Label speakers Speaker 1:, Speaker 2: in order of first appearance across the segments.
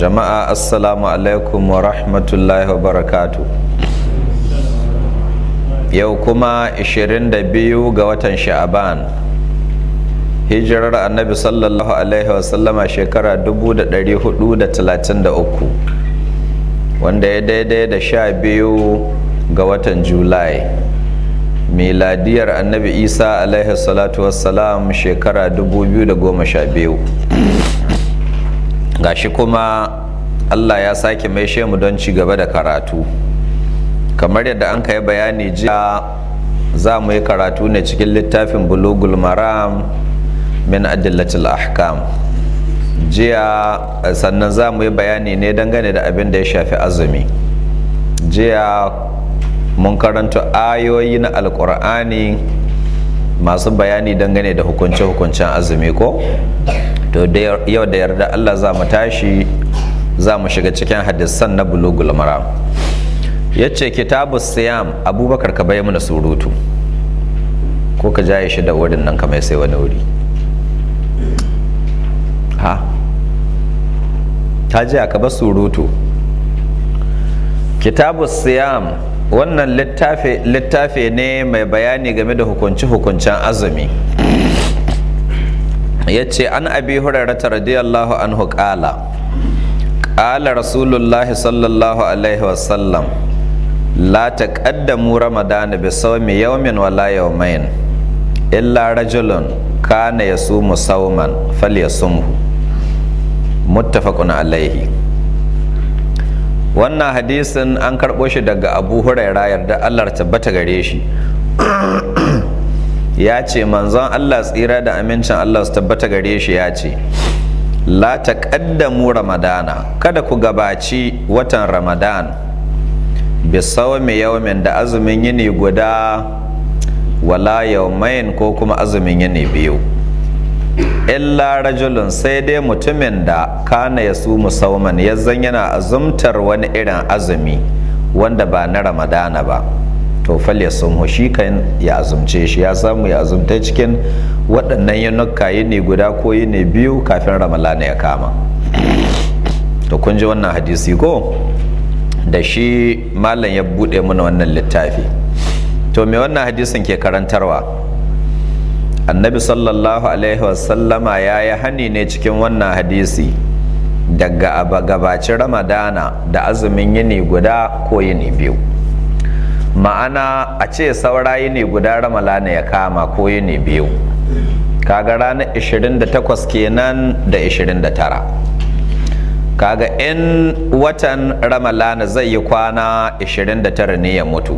Speaker 1: jama'a assalamu alaikum wa rahmatullahi wa barakatu yau kuma 22 ga watan sha'aban hijirar annabi sallallahu alaihi wasallama shekara 433 wanda ya daidai da sha biyu ga watan julai miladiyar annabi isa alaihi salatu wasalam shekara 2012 gashi kuma allah ya sake mai mu don ci gaba da karatu kamar yadda an kai bayani jiya za mu yi karatu ne cikin littafin bulugul maram min adillatul ahkam jiya sannan za mu yi bayani ne dangane da abin da ya shafi azumi jiya mun karanta ayoyi na alkur'ani masu bayani dangane da hukunce-hukuncen azumi ko to yau da yarda Allah za mu tashi za mu shiga cikin hadisan na bulugul maram ya ce kitabu siyam abubakar ka bai mana surutu ko ka jaye shi da wurin nan kamar sai wani wuri ha ta jiya ka ba surutu kitabu siyam wannan littafi ne mai bayani game da hukunci-hukuncen azumi ya ce an abi hurarata radiyallahu anhu ƙala ƙala rasulullahi sallallahu alaihi wasallam la taqaddamu ramadana bi yau min wala yaumain. illa rajulun kana yasumu sawman falyasumhu muttafaqun alaihi wannan hadisin an karɓo shi daga abu huraira yarda allah bata gare shi ya ce manzon Allah tsira da amincin Allah su tabbata gare shi ya ce la taƙaddamu ramadana kada ku gabaci watan ramadan bi sawmi yawmin da azumin yini guda wala yawmain ko kuma azumin yini biyu illa rajulun sai dai mutumin da kana ya su musamman yanzan yana azumtar wani irin azumi wanda ba na ramadana ba to samu shi kan ya azumce shi ya samu ya azumta cikin waɗannan yanukka ne guda ko ne biyu kafin ramalana ya kama to kun ji wannan hadisi ko da shi malam ya buɗe mana wannan littafi to me wannan hadisin ke karantarwa annabi sallallahu alaihi wasallama ya yi hani ne cikin wannan hadisi daga gabacin ramadana da azumin yini guda ko yini biyu ma'ana a ce saura ne guda ramala ne ya kama ko yi ne biyu kaga ranar 28 kenan da 29 kaga in watan ramalana zai yi kwana 29 ne ya mutu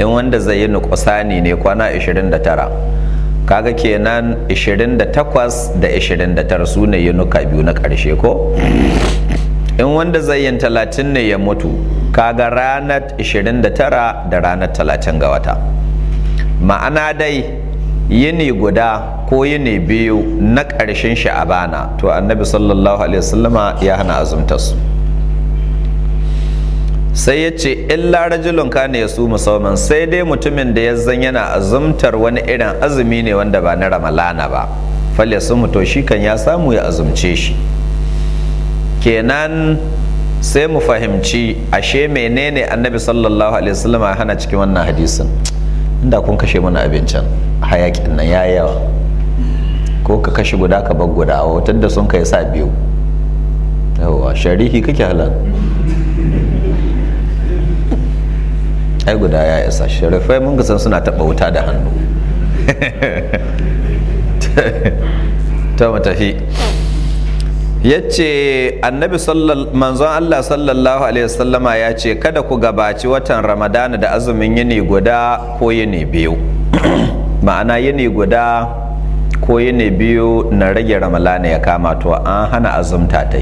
Speaker 1: in wanda zai yi nukusani ne kwana 29 kaga kenan 28 da 29 su ne yi nuka biyu na ƙarshe ko in wanda zai yin talatin ne ya mutu kaga ranar 29 da ranar talatin ga wata ma'ana dai yini guda ko yini biyu na ƙarshen sha'abana to annabi sallallahu alaihi wasallama ya hana azumta su sai ya ce illa rajulun ne ya su musamman sai dai mutumin da ya zan yana azumtar wani irin azumi ne wanda ba na ramalana ba falle sun mutu shi kan ya samu ya azumce shi kenan sai mu fahimci ashe menene annabi sallallahu alaihi wasallam ya hana cikin wannan hadisin inda kun kashe mana abincin hayakin nan ya yawa ko ka kashe guda ka bar guda a hotar da sun kai sa biyu yawa sharihi kake halal ai guda ya isa sharifai mun san suna taɓa wuta da hannu ta matafi tafi yace annabi manzon Allah sallallahu alaihi wasallama ya ce kada ku gabaci watan ramadana da azumin yini guda ko yini biyu ma'ana yini guda ko yini biyu na rage ramalana ya kama to an hana azumta ta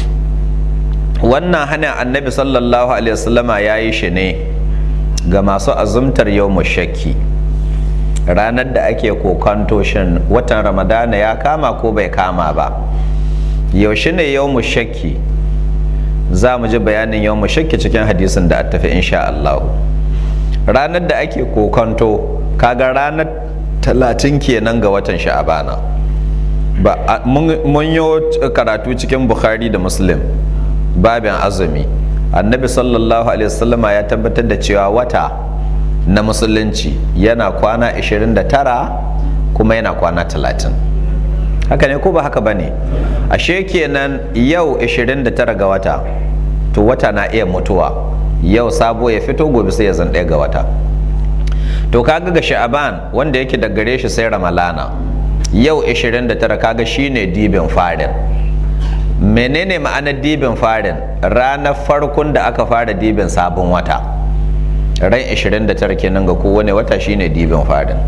Speaker 1: wannan hana annabi sallallahu alaihi wasallama ya yi shi ne ga masu azumtar yau shakki ranar da ake kokantoshin watan ramadana ya kama ko bai kama ba yaushe ne yau mu shakki za mu ji bayanin yau mu shakki cikin hadisin da tafi insha Allah ranar da ake kokonto kaga ranar talatin kenan ga watan sha'abana ba mun yi karatu cikin bukhari da muslim babin azumi annabi sallallahu alaihi wasallam ya tabbatar da cewa wata na musulunci yana kwana 29 kuma yana kwana 30 haka ne ko ba haka ba bane ashe kenan yau 29 ga wata to wata na iya mutuwa yau sabo ya fito gobe sai ya zan ɗaya ga wata to kaga ga sha'aban wanda yake da gare shi sai ramalana yau 29 kaga shine dibin farin menene ma'anar dibin farin ranar farkon da aka fara dibin sabon wata ran 29 kenan ga kowane wata shine dibin farin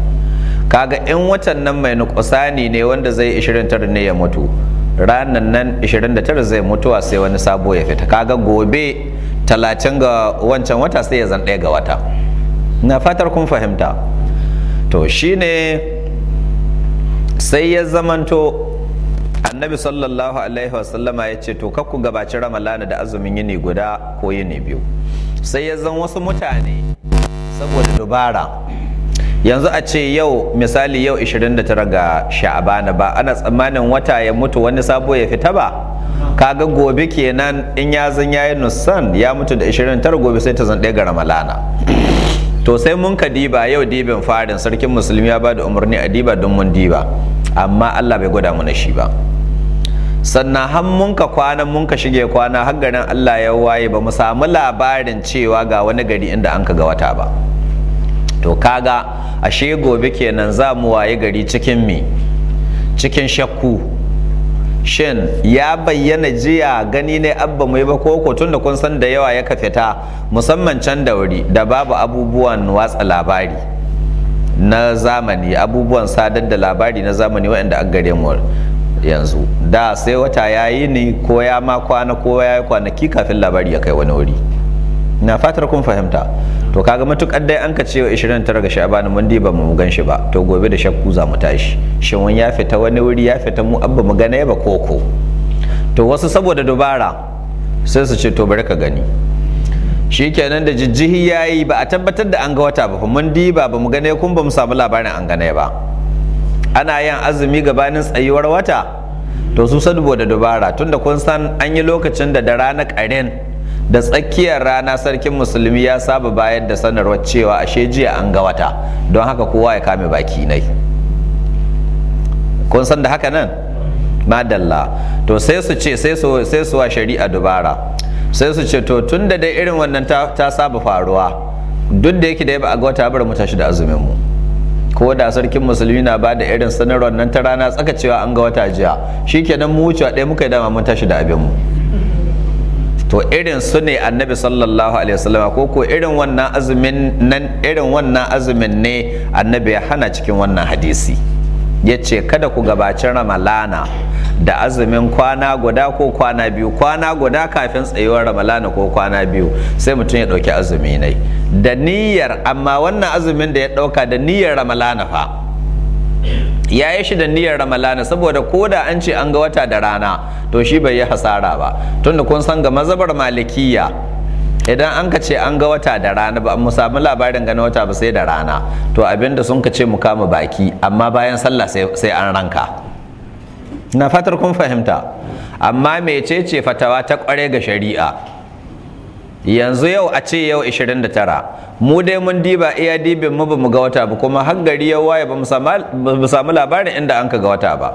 Speaker 1: kaga in watan nan mai nukusani ne wanda zai 29 ne ya mutu ranar nan 29 zai mutuwa sai wani sabo ya fita kaga gobe 30 ga wancan wata sai ya zan ɗaya ga wata na fatar kun fahimta to shine sai ya zamanto annabi sallallahu alaihi wasallama ya ce to ku gabaci ramalana da azumin yini guda ko yini biyu sai ya zan wasu mutane saboda dubara yanzu a ce yau misali yau 29 ga sha'abana ba ana tsammanin wata ya mutu wani sabo ya fita ba kaga gobe kenan in ya zan yayi nusan ya mutu da 29 gobe sai ta zan ɗaya ga ramalana to sai mun ka diba yau dibin farin sarkin musulmi ya ba da umarni a diba don mun diba amma allah bai gwada mana shi ba sannan har mun ka kwana mun ka shige kwana har garin allah ya waye ba mu samu labarin cewa ga wani gari inda an ka ga wata ba to kaga ashe gobe kenan za mu waye gari cikin me cikin shakku shin ya bayyana jiya gani ne abba mai ba koko tun da kun san da yawa ya kafita musamman can da wuri da babu abubuwan watsa labari na zamani abubuwan sadar da labari na zamani waɗanda an gare mu yanzu da sai wata yayi ne ko ya ma kwana ko ya yi kwanaki kafin labari ya kai wani wuri na fatar kun fahimta to kaga matukar dai an ka ce 29 ga sha'ban mun di ba mu gan shi ba to gobe da shakku za mu tashi shin wani ya fita wani wuri ya fita mu abba mu gane ba koko to wasu saboda dubara sai su ce to bari ka gani shikenan da jijjihi yayi ba a tabbatar da an ga wata ba mun di ba ba mu gane kun ba mu samu labarin an gane ba ana yin azumi gabanin tsayuwar wata to su saboda dubara tunda kun san an yi lokacin da da ranar karen da tsakiyar rana sarkin musulmi ya saba bayar da sanarwar cewa ashe jiya an ga wata don haka kowa ya kame baki nai kun san da haka nan madalla to sai su ce sai su wa shari'a dubara sai su ce to tun da dai irin wannan ta saba faruwa duk da yake da ba a ga wata bar mu tashi da azumin mu ko da sarkin musulmi na bada irin sanarwar nan ta rana tsaka cewa an ga wata jiya shikenan mu wucewa ɗaya muka yi dama mun tashi da abin mu to irin su ne annabi sallallahu alaihi wasallam ko ko irin wannan azumin nan irin wannan azumin ne annabi ya hana cikin wannan hadisi ya ce kada ku gabaci ramalana da azumin kwana guda ko kwana biyu kwana guda kafin tsayuwar ramalana ko kwana biyu sai mutum ya ɗauki azumi ne da niyyar amma wannan azumin da ya ɗauka da niyyar ramalana fa ya yi shi da niyyar ramalana saboda ko da an ce an ga wata da rana to shi bai yi hasara ba tunda kun san ga mazabar malikiya idan an ka ce an ga wata da rana ba mu samu labarin gani wata ba sai da rana to abinda sun ka ce mu kama baki amma bayan sallah sai an ranka na fatar kun fahimta amma mecece fatawa ta kware ga shari'a yanzu yau a ce yau 29 mu dai mun diba iya dibin mu bamu ga wata ba kuma har gari ya waye ba mu samu labarin inda an ka ga wata ba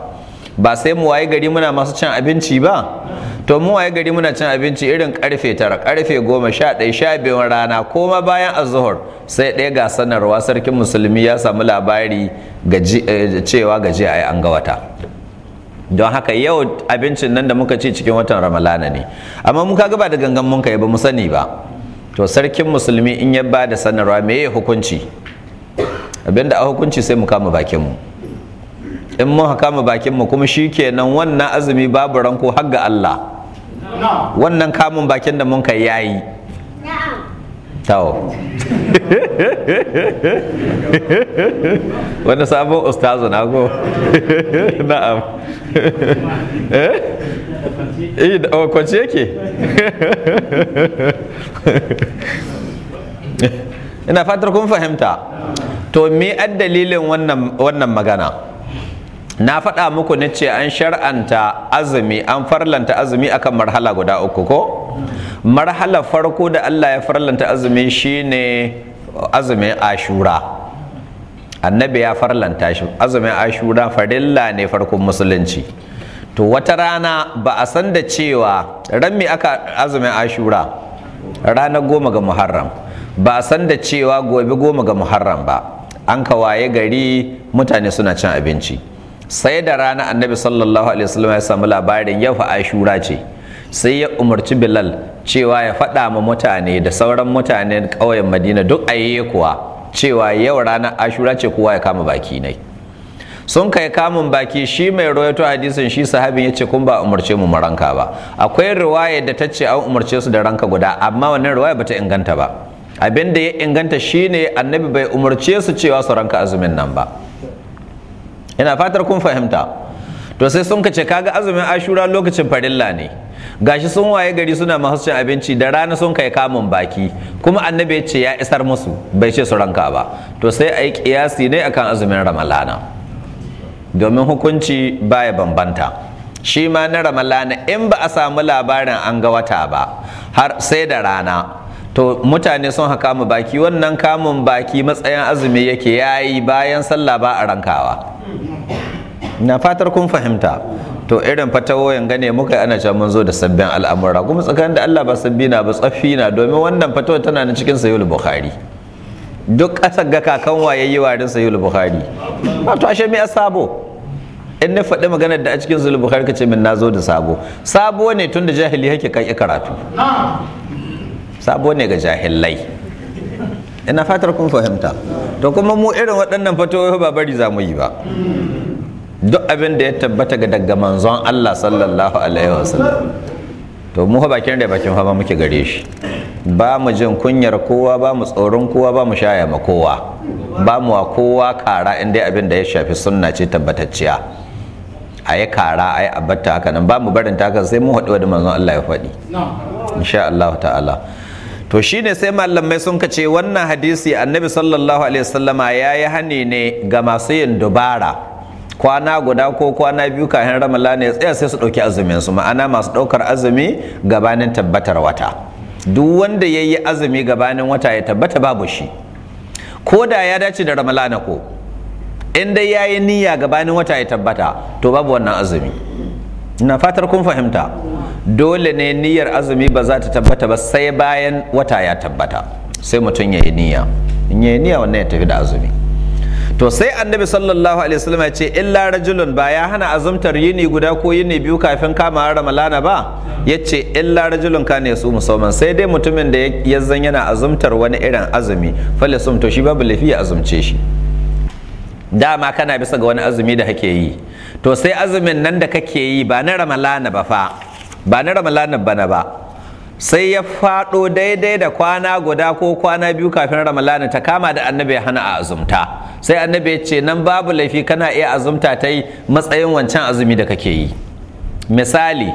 Speaker 1: ba sai mu waye gari muna masu cin abinci ba to mu waye gari muna cin abinci irin karfe 9 karfe 10 11 12 rana koma bayan azuhur sai ɗaya ga sanarwa sarkin musulmi ya samu labari eh, cewa gaji ayi an ga wata don haka yau abincin nan da muka ci cikin watan ramalana ne amma mun kaga ba da gangan mun kai ba mu sani ba to sarkin musulmi in ya ba da sanarwa me ya hukunci abinda a hukunci sai mu kama bakin mu in mun kama bakin mu kuma shikenan wannan azumi babu ranko har ga Allah wannan kamun bakin da mun kai yayi tawo wani sabon ustazu na go na'am eh kwace oh, yake ina fatar kun fahimta to me ad dalilin wannan magana na faɗa muku na ce an shar'anta azumi an farlanta azumi akan marhala guda uku ko marhala farko da Allah ya farlanta azumi shine azumin ashura annabi ya farlanta shi azumin ashura farilla ne farkon musulunci to wata rana ba a san da cewa rami aka azumin ashura ranar goma ga muharram ba a san da cewa gobe goma ga muharram ba an ka waye gari mutane suna cin abinci sai da rana annabi sallallahu alaihi wasallam ya samu labarin yau ashura ce sai ya umarci bilal cewa ya faɗa ma mutane da sauran mutanen ƙauyen madina duk a yi kuwa cewa yau ranar ashura ce kowa ya kama baki ne sun kai kamun baki shi mai rawaito hadisin shi sahabin ya ce kun ba umarce mu ranka ba akwai riwaya da ta ce an umarce su da ranka guda amma wannan riwaya bata inganta ba abin da ya inganta shi ne annabi bai umarce su cewa su ranka azumin nan ba ina fatar kun fahimta to sai sun kace kaga azumin ashura lokacin farilla ne gashi sun waye gari suna masu abinci da rana sun kai kamun baki kuma annabi ya ce ya isar musu bai ce su ranka ba to sai a yi kiyasi ne akan azumin ramalana domin hukunci baya bambanta shi ma na ramalana in ba a samu labarin an ga wata ba har sai da rana to mutane sun haka mu baki wannan kamun baki matsayin azumi yake yayi bayan sallah ba a rankawa na fatar kun fahimta to irin fatawoyin gane muka ana cewa mun zo da sabbin al'amura kuma tsakanin da Allah ba sabbi na ba tsaffi na domin wannan fatawa tana nan cikin sayul bukhari duk ƙasar ga kakan waye yi warin sayul bukhari ba to ashe me asabo. in na faɗi maganar da a cikin sayul bukhari kace min nazo da sabo sabo ne tun da jahili yake kai karatu sabo ne ga jahilai ina fatar kun fahimta to kuma mu irin waɗannan fatawoyi ba bari za mu yi ba duk abin da ya tabbata ga daga manzon Allah sallallahu alaihi wasallam to mu ha bakin da bakin ba muke gare shi ba mu jin kunyar kowa ba mu tsoron kowa ba mu shaya ma kowa ba mu wa kowa kara in dai abin da ya shafi sunna ce tabbatacciya Ayi kara ayi abatta haka nan ba mu barin ta sai mun haɗu da manzon Allah ya faɗi insha Allah ta'ala to shine sai malamai sun kace ce wannan hadisi annabi sallallahu alaihi wasallama ya yi hani ne ga masu yin dubara kwana guda ko kwana biyu kafin ramalana ya tsaya sai su ɗauki azumin su ma'ana masu ɗaukar azumi gabanin tabbatar wata duk wanda ya yi azumi gabanin wata ya tabbata babu shi ko da ya dace da ramalana ko in dai ya yi niyya gabanin wata ya tabbata to babu wannan azumi na fatar kun fahimta dole ne niyyar azumi ba za ta tabbata ba sai bayan wata ya tabbata sai mutum ya yi niyya in ya yi niyya wannan ya tafi da azumi to sai annabi sallallahu alaihi wasallam ya ce illa rajulun ba ya hana azumtar yini guda ko yini biyu kafin kama ramalana ba ya ce illa rajulun ka ne su musamman sai dai mutumin da ya zan yana azumtar wani irin azumi sun to shi babu lafi ya azumce shi dama kana bisa ga wani azumi da kake yi to sai azumin nan da kake yi ba na ramalana ba fa ba na ramalana bana ba sai ya faɗo daidai da kwana guda ko kwana biyu kafin ramalana ta kama da annabi hana a azumta sai annabi ya ce nan babu laifi kana iya azumta ta yi matsayin wancan azumi da kake yi misali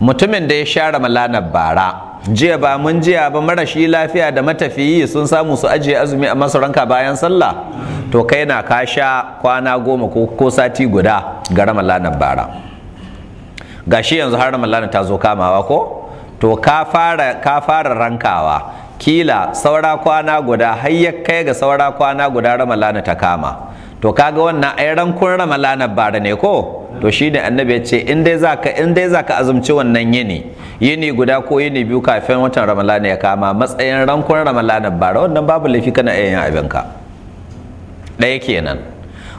Speaker 1: mutumin da ya sha ramalana bara jiya ba mun jiya ba marashi lafiya da matafiyi sun samu su ajiye azumi a masaranka bayan sallah to kai na ka sha kwana goma ko sati guda ga ramalana bara gashi yanzu har ramalana ta zo kamawa ko to ka fara ka rankawa kila saura kwana guda har ya kai ga saura kwana guda ramalana ta kama to kaga wannan ai rankun ramalana bara ne ko to shi ne annabi ya ce in dai zaka in dai zaka azumci wannan yini yini guda ko yini biyu kafin watan ramalana ya kama matsayin rankun ramalana bara wannan babu laifi kana iya yin abinka ɗaya kenan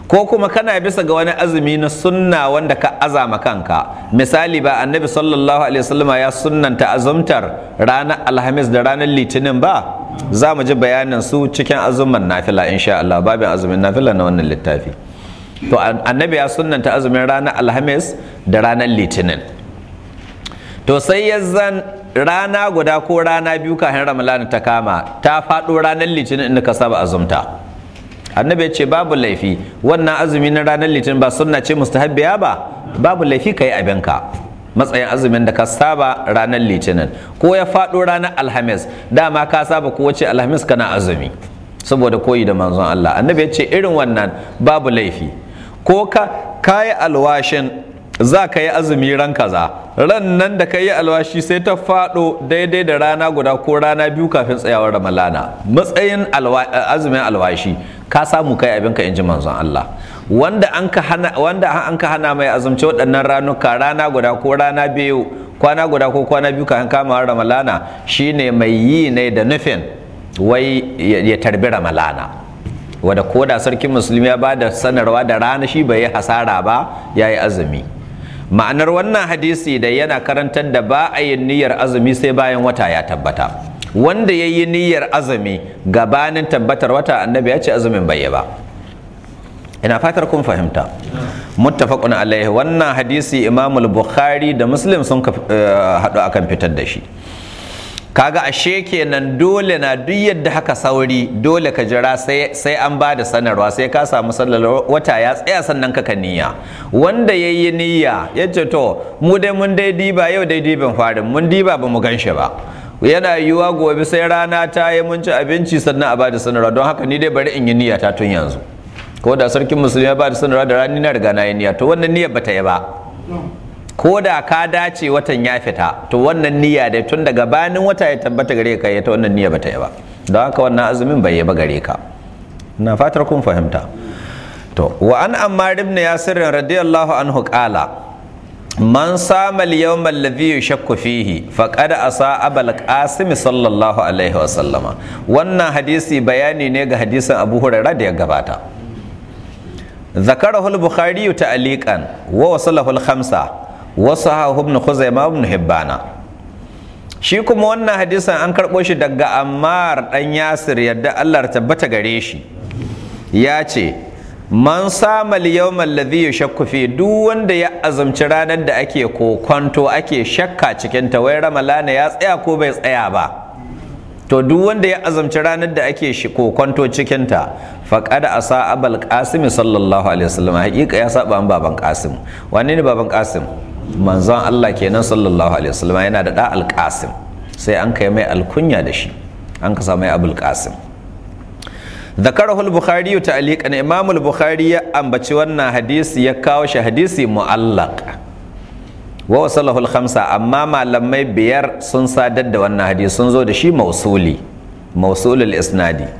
Speaker 1: ko kuma kana bisa ga wani azumi na sunna wanda ka azama kanka misali ba annabi sallallahu alaihi wasallama ya sunnanta azumtar ranar alhamis da ranar litinin ba za mu ji bayanin su cikin azumin nafila insha Allah babu azumin nafila na wannan littafi to annabi ya sunnanta azumin ranar alhamis da ranar litinin to sai ya zan rana guda ko rana biyu kafin ramadana ta kama ta faɗo ranar litinin inda ka saba azumta annabi ya ce babu laifi wannan azumi na ranar litinin ba sunna ce mustahabbiya ba babu laifi ka yi abinka matsayin azumin da ka saba ranar litinin ko ya faɗo ranar alhamis dama ka saba ko wace alhamis kana azumi saboda koyi da manzon Allah annabi ya ce irin wannan babu laifi ko ka kayi alwashin za ka yi azumi ran kaza ran nan da ka yi alwashi sai ta faɗo daidai da rana guda ko rana biyu kafin tsayawar ramalana matsayin azumin alwashi ka samu kai abinka in ji manzon Allah wanda an ka hana wanda an ka hana mai azumci waɗannan ranuka rana guda ko rana biyu kwana guda ko kwana biyu kafin ramalana shine mai yi ne da nufin wai ya tarbi ramalana wadda koda sarkin musulmi ya ba da sanarwa da rana shi bai yi hasara ba ya yi azumi ma'anar wannan hadisi da yana karantar da ba a yin niyyar azumi sai bayan wata ya tabbata wanda ya yi niyyar azumi gabanin tabbatar wata annabi ya ce azumin bai ba ina fatar kun fahimta muttafaqun alaihi wannan hadisi imamul bukhari da muslim sun eh, haɗu akan fitar da shi kaga ashe kenan dole na duk yadda haka sauri dole ka jira sai an ba da sanarwa sai ka samu sallar wata ya tsaya sannan ka niyya wanda ya yi niyya ya ce to mu dai mun dai diba yau dai diban farin mun diba ba mu gan shi ba yana yiwuwa gobe sai rana ta yi mun ci abinci sannan a ba da sanarwa don haka ni dai bari in yi niyya ta tun yanzu ko da sarkin musulmi ya ba da sanarwa da rani na riga na yi niyya to wannan niyyar ba ta yi ba ko da ka dace watan ya fita to wannan niyya dai tun daga wata ya tabbata gare ka ya ta wannan niyya bata yi ba don haka wannan azumin bai yi ba gare ka na fatar kun fahimta to wa an ammar ibn yasir radiyallahu anhu qala man sama al-yawm alladhi yashakku fihi faqad asa abal qasim sallallahu alaihi wa sallama wannan hadisi bayani ne ga hadisin abu hurairah da ya gabata ذكره البخاري تعليقا ووصله الخمسه wasu ibn khuzaima ibn hibbana shi kuma wannan hadisan an karɓo shi daga ammar Dan yasir yadda allah tabbata gare shi ya ce man sama liyawman ladhi shakku fi duk wanda ya azumci ranar da ake kokonto ake shakka cikin ta wai ramalana ya tsaya ko bai tsaya ba to duk wanda ya azumci ranar da ake shi kokonto cikinta faƙad asa abal qasim sallallahu alaihi wasallam hakika ya saba an baban qasim wane ne baban qasim manzon Allah kenan sallallahu alaihi wasallam yana da da sai an kai mai alkunya da shi an ka mai abul qasim ذكره البخاري تعليقا امام البخاري ya ambaci wannan hadisi ya kawo shi hadisi mu'allaq wa wasalahu al amma malamai biyar sun sadar da wannan hadisi sun zo da shi mausuli mausulul isnadi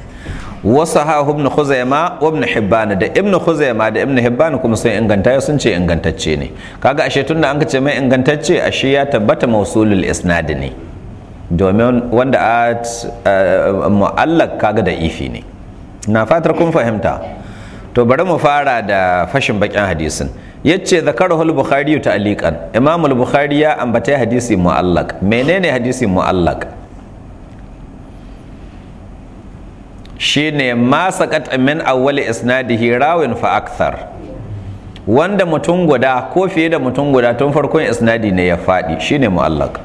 Speaker 1: wasu ha ibn khuzaima wa ibn hibban da ibn khuzaima da ibn hibban kuma sun inganta sun ce ingantacce ne kaga ashe tun tunda an ce mai ingantacce ashe ya tabbata mausulul isnad ne domin wanda a mu'allak kaga da ifi ne na fatar kun fahimta to bari mu fara da fashin bakin hadisin yace zakarahu al-bukhari ta imam al-bukhari ya ambata hadisi mu'allak menene hadisi mu'allak shine ma saqat min awwali isnadihi rawin fa akthar wanda mutum guda ko fiye da mutum guda tun farkon isnadi ne ya faɗi shine mu'allaq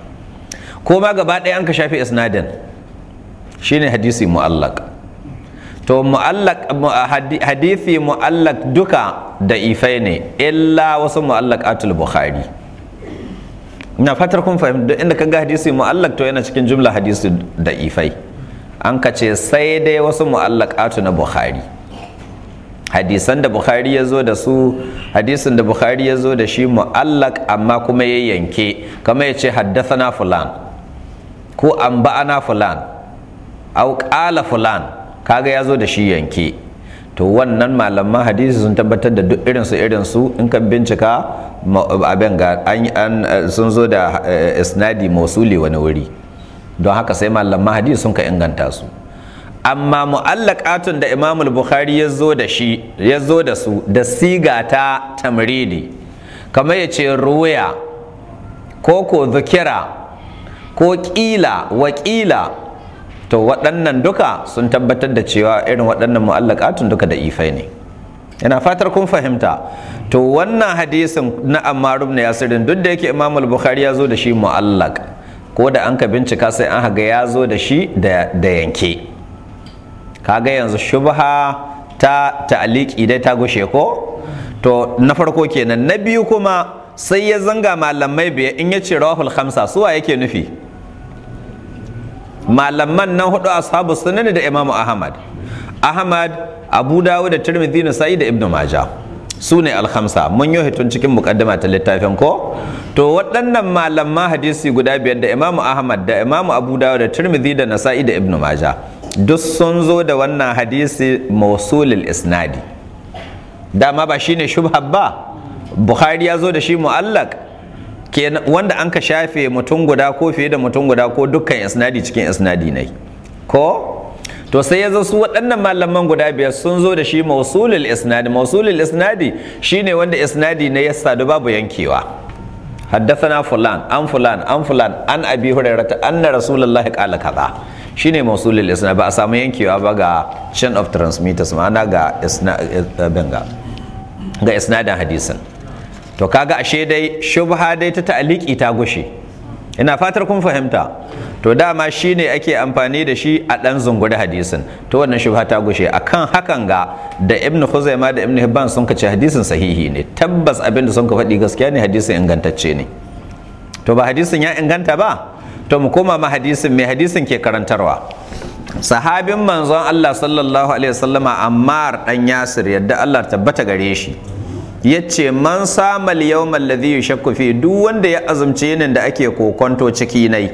Speaker 1: ko ma gaba ɗaya an ka shafi isnadin shine hadisi mu'allaq to mu'allaq hadisi mu'allaq duka da ifai ne illa wasu mu'allaqatul bukhari ina fatar kun fahimta inda ga hadisi mu'allaq to yana cikin jumla hadisi da ifai an ka ce sai dai wasu mu'allakatu na bukhari hadisan da bukhari ya zo da su hadisin da bukhari ya zo da shi muallak amma kuma ya yanke kamar ya ce na fulan ko an na fulan au qala fulan kaga ya zo da shi yanke to wannan malaman hadisi sun tabbatar da duk irinsu irinsu in ka bincika abin ga An sun zo da eh, isnadi mausuli wani wuri don haka sai malam mahadi sun ka inganta su amma mu'allakatun da Imam Bukhari ya zo da shi ya zo da su da siga ta tamridi kamar ya ce ruya ko ko zukira ko kila wakila to waɗannan duka sun tabbatar da cewa irin waɗannan mu'allakatun duka da ifai ne yana fatar kun fahimta to wannan hadisin na Ammar ibn Yasirin duk da yake imamul Bukhari ya zo da shi mu'allaka. ko da an ka bincika sai an haga ya zo da shi da yanke kaga yanzu shubha ta ta'aliki dai ta gushe ko to na farko kenan na biyu kuma sai ya zanga malamai biya in ya ce rawahul khamsa suwa yake nufi malaman nan hudu ashabu sunan da imamu ahmad ahmad abu dawud da tirmidhi nasa'i da ibnu majah su ne alhamsa mun yi hitun cikin mukaddama ta littafin ko to waɗannan malamma hadisi guda biyar da imamu ahmad da imamu abu dawud da tirmidhi da nasa'i da ibnu maja duk sun zo da wannan hadisi mausulil isnadi dama ba shine shubha ba Buhari ya zo da shi mu'allak wanda an ka shafe mutum guda ko fiye da mutum guda ko dukkan isnadi cikin isnadi ne ko to sai ya su waɗannan malaman guda biyar sun zo da shi mausulul isnadi mausulul isnadi shine wanda isnadi na ya sadu babu yankewa حدثنا fulan Fulan, fulan an fulan an abi hurairah ان رسول الله kaza. shine mausulul isnadi. ba a samu yankewa ba ga chain of transmitters ma'ana ga isnadi benga ga isnadin hadisin to kaga ashe dai shubha dai ta ta'liqi ta gushe ina fatar kun fahimta to dama shi ne ake amfani da shi a ɗan zunguri hadisin to wannan shubha ta gushe akan hakan ga da ibn huzaima da ibn hibban sun kace hadisin sahihi ne tabbas abinda sun ka faɗi gaskiya ne hadisin ingantacce ne to ba hadisin ya inganta ba to mu koma ma hadisin mai hadisin ke karantarwa sahabin manzon Allah sallallahu alaihi wasallama Ammar dan Yasir yadda Allah tabbata gare shi Ya ce man samal mallazi ya shakku fi duk wanda ya azumce yanin da ake kokonto ciki nai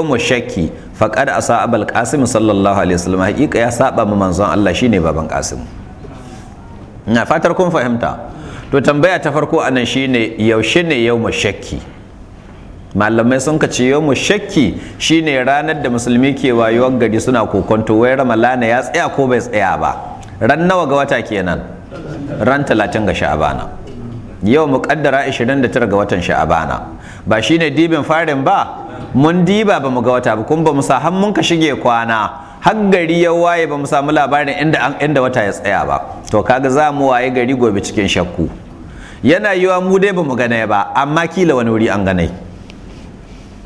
Speaker 1: mu shakki faqad asa abul qasim sallallahu alaihi wasallam hakika ya saba ma manzon Allah shine baban qasim na fatar kun fahimta to tambaya ta farko anan shine yaushe ne mu shakki malamai sun ka ce mu shakki shine ranar da musulmi ke wayuwar gari suna kokonto wai ramalana ya tsaya ko bai tsaya ba ran nawa ga wata kenan ran talatin ga sha'abana yau muƙaddara 29 ga watan sha'abana ba shine dibin farin ba mun diba ba mu ga wata ba kun ba mu sa mun ka shige kwana har gari ya waye ba mu samu labarin inda wata ya tsaya ba to kaga za mu waye gari gobe cikin shakku yana yiwa mu dai ba mu gane ba amma kila wani wuri an gane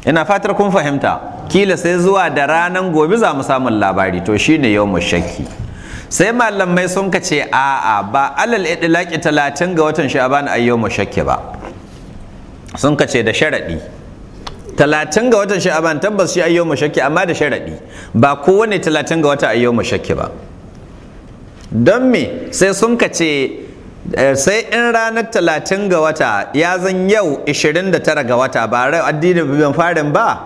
Speaker 1: ina fatar kun fahimta kila sai zuwa da ranan gobe za mu samun labari to shine yau mu shakki sai malamai sun ka ce a'a ba alal laƙi talatin ga watan sha'ban ayyamu shakke ba sun ka ce da sharaɗi talatin ga watan sha'aban tabbas shi ayyamu shakke amma da sharaɗi ba kowane talatin ga wata ayyamu shakke ba don me sai sun ka ce eh, sai in ranar talatin ga wata ya zan yau 29 ga wata ba addinin biyan farin ba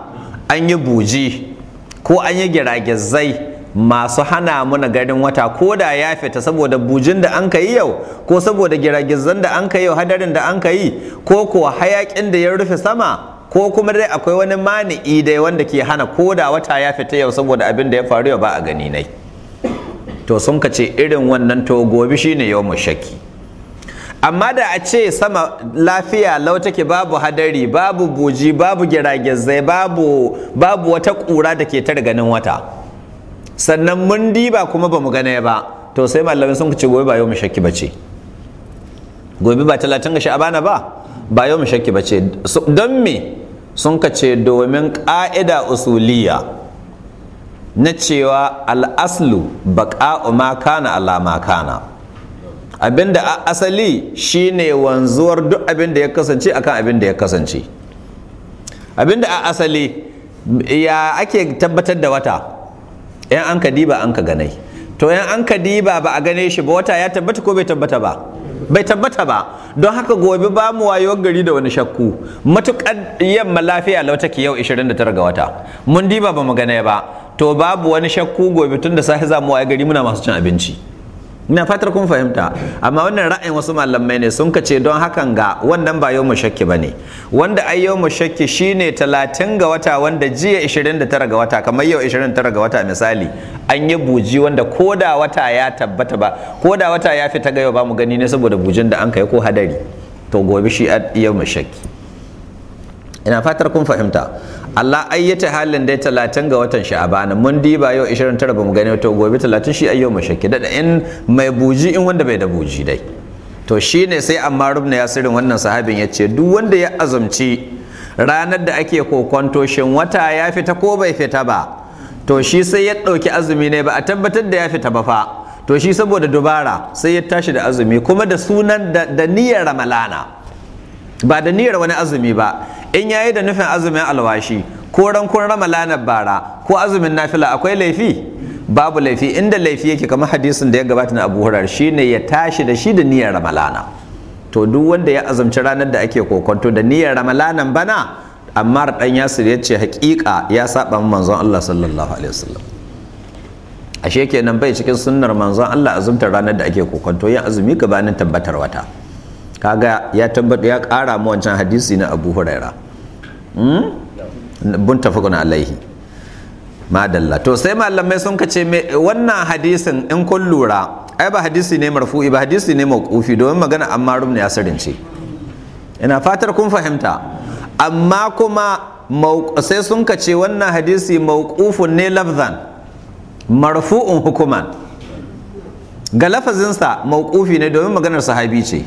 Speaker 1: an yi buji ko an yi giragizai masu hana muna garin wata ko da ya fita saboda bujin da an ka yi yau ko saboda giragizan da an ka yi yau hadarin da an ka yi ko ko hayakin da ya rufe sama ko kuma dai akwai wani mani'i dai wanda ke hana ko da wata ya fita yau saboda abin da ya faru yau ba a gani nai to sun ka ce irin wannan to gobe shine yau mu shaki amma da a ce sama lafiya lau take babu hadari babu buji babu giragizai babu babu wata kura da ke ta ganin wata sannan mun diba kuma ba mu gane ba to sai malamai sun ce gobe ba yau mu shakki bace gobe ba talatin ga sha'abana ba ba yau mu shakki bace don me sun kace domin ƙa'ida usuliya na cewa al'aslu baƙa'u ma kana alama kana abinda asali shine wanzuwar duk abinda ya kasance akan abinda ya kasance abinda a asali ya ake tabbatar da wata yan an kadiba an ka ganai to yan an kadiba ba a gane shi ba wata ya tabbata ko bai tabbata ba bai tabbata ba don haka gobe ba mu wayo gari da wani shakku matuƙar yamma lafiya lau take yau 29 ga wata mun diba ba mu gane ba to babu wani shakku gobe tun da safe za mu wayo gari muna masu cin abinci ina fatar kun fahimta amma wannan ra'ayin wasu malamai ne sun kace don hakan ga wannan ba yau mushakki bane wanda ai yau mushakki shine 30 ga wata wanda jiya 29 ga wata kamar yau 29 ga wata misali an yi buji wanda koda wata ya tabbata ba koda wata ya fita ga yau ba mu gani ne saboda bujin da an kai ko hadari to gobe shi yau mushakki ina fatar kun fahimta Allah ayyata halin dai talatin ga watan sha'abana mun diba yau 29 ba mu gani to gobe talatin shi ayyau mashakki da in mai buji in wanda bai da buji dai to ne sai amma rubna yasirin wannan sahabin ya ce duk wanda ya azumci ranar da ake kokonto shin wata ya fita ko bai fita ba to shi sai ya ɗauki azumi ne ba a tabbatar da ya fita ba fa to shi saboda dubara sai ya tashi da azumi kuma da sunan da niyyar ramalana ba da niyyar wani azumi ba in yayi da nufin azumin alwashi ko rankon Ramalana bara ko azumin nafila akwai laifi babu laifi inda laifi yake kamar hadisin da ya gabata na abu hurar ne ya tashi da shi da niyyar ramalana to duk wanda ya azumci ranar da ake kokonto da niyyar ramalanan bana amma dan yasir ya ce hakika ya saba manzon Allah sallallahu alaihi wasallam ashe kenan bai cikin sunnar manzon Allah azumtar ranar da ake kokonto yin azumi gabanin tabbatar wata kaga ya tabbata ya kara mu wancan hadisi na Abu Huraira Hmm? bun tafakun alaihi madalla to sai malamai sun kace wannan hadisin in kun lura ai ba hadisi ne marfu'i ba hadisi ne maƙufi domin magana amma rumni ya ce ina fatar kun fahimta amma kuma sai sun kace wannan hadisi mauqufun ne lafzan marfu'un hukuman ga lafazinsa maƙufi ne domin maganar sahabi ce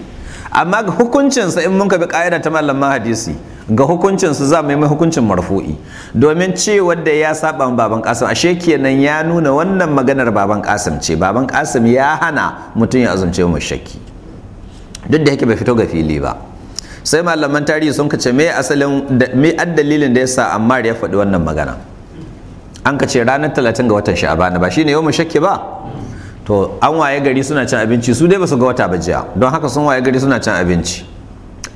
Speaker 1: amma ga hukuncinsa in mun ka bi ƙa'ida ta malaman hadisi ga hukuncinsa za mu yi mai hukuncin marfu'i domin ce da ya saba baban kasim ashe kenan ya nuna wannan maganar baban kasim ce baban kasim ya hana mutum ya azumce mu shakki duk da yake bai fito ga fili ba sai malaman tarihi sun kace me asalin me addalilin da yasa Ammar ya faɗi wannan magana an kace ranar 30 ga watan sha'abana ba shine yau mu shakki ba to an waye gari suna cin abinci su dai ba su ga wata ba jiya don haka sun waye gari suna cin abinci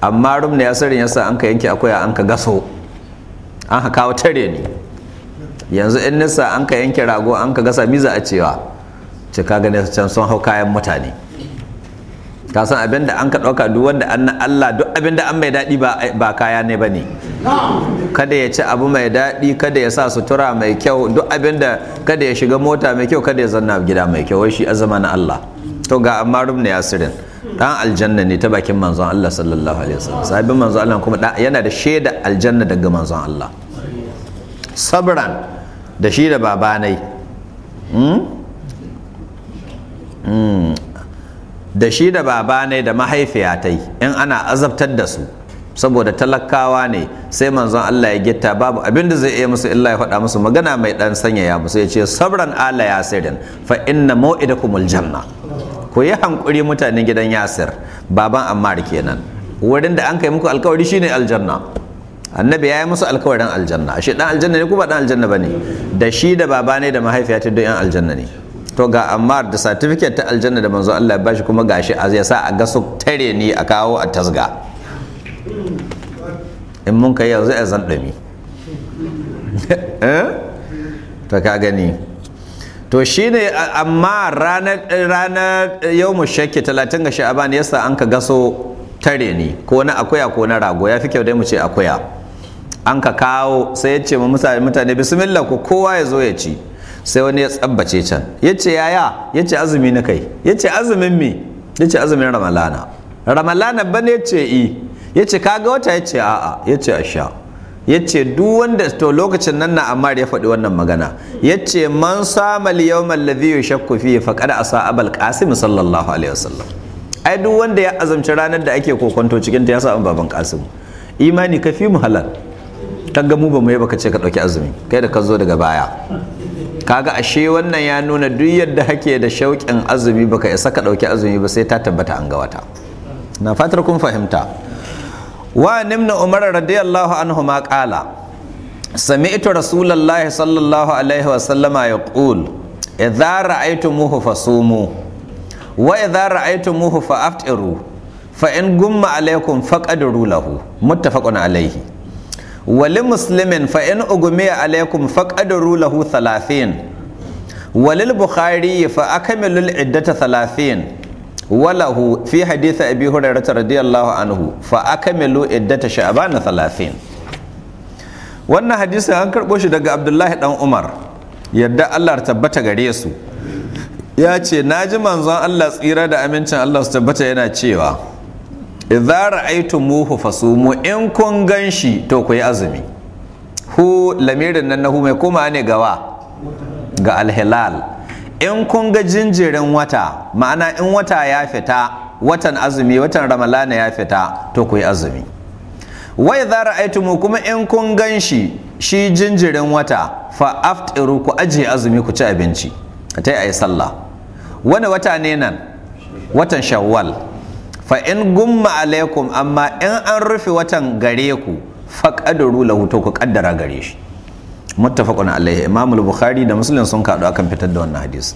Speaker 1: amma rumna ya sarin yasa an ka yanke akwai an ka gaso an haka kawo tare ne yanzu in nisa an ka yanke rago an ka gasa miza a cewa cika gane can sun hau kayan mutane ta san abin da an ka ɗauka duk wanda an na Allah duk abin da an mai daɗi ba kaya ne ba ne kada ya ci abu mai daɗi kada ya sa sutura mai kyau duk abinda kada ya shiga mota mai kyau kada ya zanna gida mai kyau wai shi azama na Allah to ga amma rubna yasirin dan aljanna ne ta bakin manzon Allah sallallahu alaihi wasallam sabin manzon Allah kuma yana da shaida aljanna daga manzon Allah sabran da shi da babanai hmm? Hmm. da shi da babanai da mahaifiyatai in ana azabtar da su saboda talakawa ne sai manzon Allah ya gitta babu abin da zai iya musu illa ya faɗa musu magana mai sanya sanyaya musu ya ce sabran ya yasirin fa inna mau'idakumul Aljanna. ku yi hankuri mutanen gidan yasir baban ammar kenan wurin da an kai muku alkawari shine aljanna annabi ya yi musu alkawarin aljanna ashe dan aljanna ne ko ba dan aljanna bane da shi da baba ne da mahaifiya ta don yan aljanna ne to ga ammar da certificate ta aljanna da manzo Allah ya bashi kuma gashi a ya sa a ga su tare ni a kawo a tasga in mun kai yanzu ya zan ɗumi eh? ta ka gani to shine amma ranar yau shakki talatin ga sha'aban yasa an ka gaso tare ne ko na akuya ko na rago ya fi kyau dai mu ce akuya an ka kawo sai ya ce mutane bismillah ko kowa ya zo ya ci sai wani ya tsabbace can ya ce yaya ya ce azumi na kai ya ce azumin mi ya ce azumin ramalana ramalana ba ne ce i ya ce kaga wata ya ce a'a ya ce a sha ya ce duk wanda to lokacin nan na amma ya faɗi wannan magana ya ce man samal yawmal ladhi yushakku fihi faqad a abal qasim sallallahu alaihi wasallam ai duk wanda ya azamci ranar da ake kokonto cikin ta ya samu baban qasim imani ka fi mu halal ta gamu ba mu baka ce ka ɗauki azumi kai da ka zo daga baya kaga ashe wannan ya nuna duk yadda hake da shauƙin azumi baka isa ka ɗauki azumi ba sai ta tabbata an ga wata na fatar kun fahimta wa nimna umar radiyallahu anhu ma qala sami'tu rasulullahi sallallahu alaihi wa sallama yaqul idza ra'aytumuhu fasumu wa idza ra'aytumuhu fa'aftiru fa in gumma alaikum faqadru lahu muttafaqun alaihi wa li fa in ugmiya alaikum faqadru lahu 30 bukhari fa iddata talafin. walahu fi haditha abi hurairah radiyallahu anhu fa ta iddata sha'ban 30 wannan hadisi an karɓo shi daga abdullahi dan umar yadda Allah tabbata gare su ya ce na ji manzon Allah tsira da amincin Allah su tabbata yana cewa idza ra'aytumuhu fasumu in kun ganshi to ku yi azumi hu lamirin nan hu mai koma ne gawa ga alhilal in kun ga jinjirin wata ma'ana in wata ya fita watan azumi watan ramalana ya fita to ku yi azumi wai za ra'aitumu kuma in kun gan shi shi jinjirin wata fa aftiru ku ajiye azumi ku ci abinci A ta yi sallah wani wata ne nan watan shawwal fa in gumma alaikum amma in an rufe watan gare ku fa kadaru lahu to ku ƙaddara gare shi muttafaqun alaihi imam al-bukhari da muslim sun kaɗu akan fitar da wannan hadisi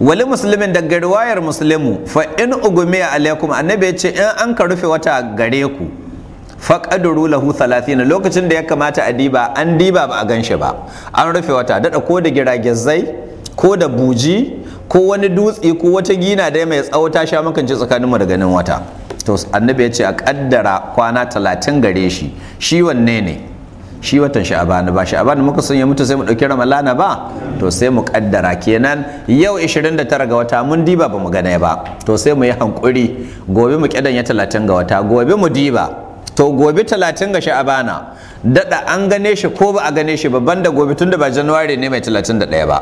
Speaker 1: wali musulmin daga riwayar muslimu fa in ugumiya alaikum annabi ya ce in an ka rufe wata gare ku faƙaduru lahu 30 lokacin da ya kamata a diba an diba ba a ganshi ba an rufe wata daɗa ko da giragizai ko da buji ko wani dutse ko wata gina dai mai tsawo ta sha ji tsakaninmu da ganin wata to annabi ya ce a ƙaddara kwana 30 gare shi shi wanne ne shi watan sha'aban ba sha'aban muka san ya mutu sai mu dauki ramalana ba to sai mu kaddara kenan yau 29 ga wata mun diba ba mu gane ba to sai mu yi hankuri gobe mu kidan ya 30 ga wata gobe mu diba to gobe 30 ga sha'abana dada an gane shi ko ba a gane shi ba banda gobe da ba januwari ne mai 31 ba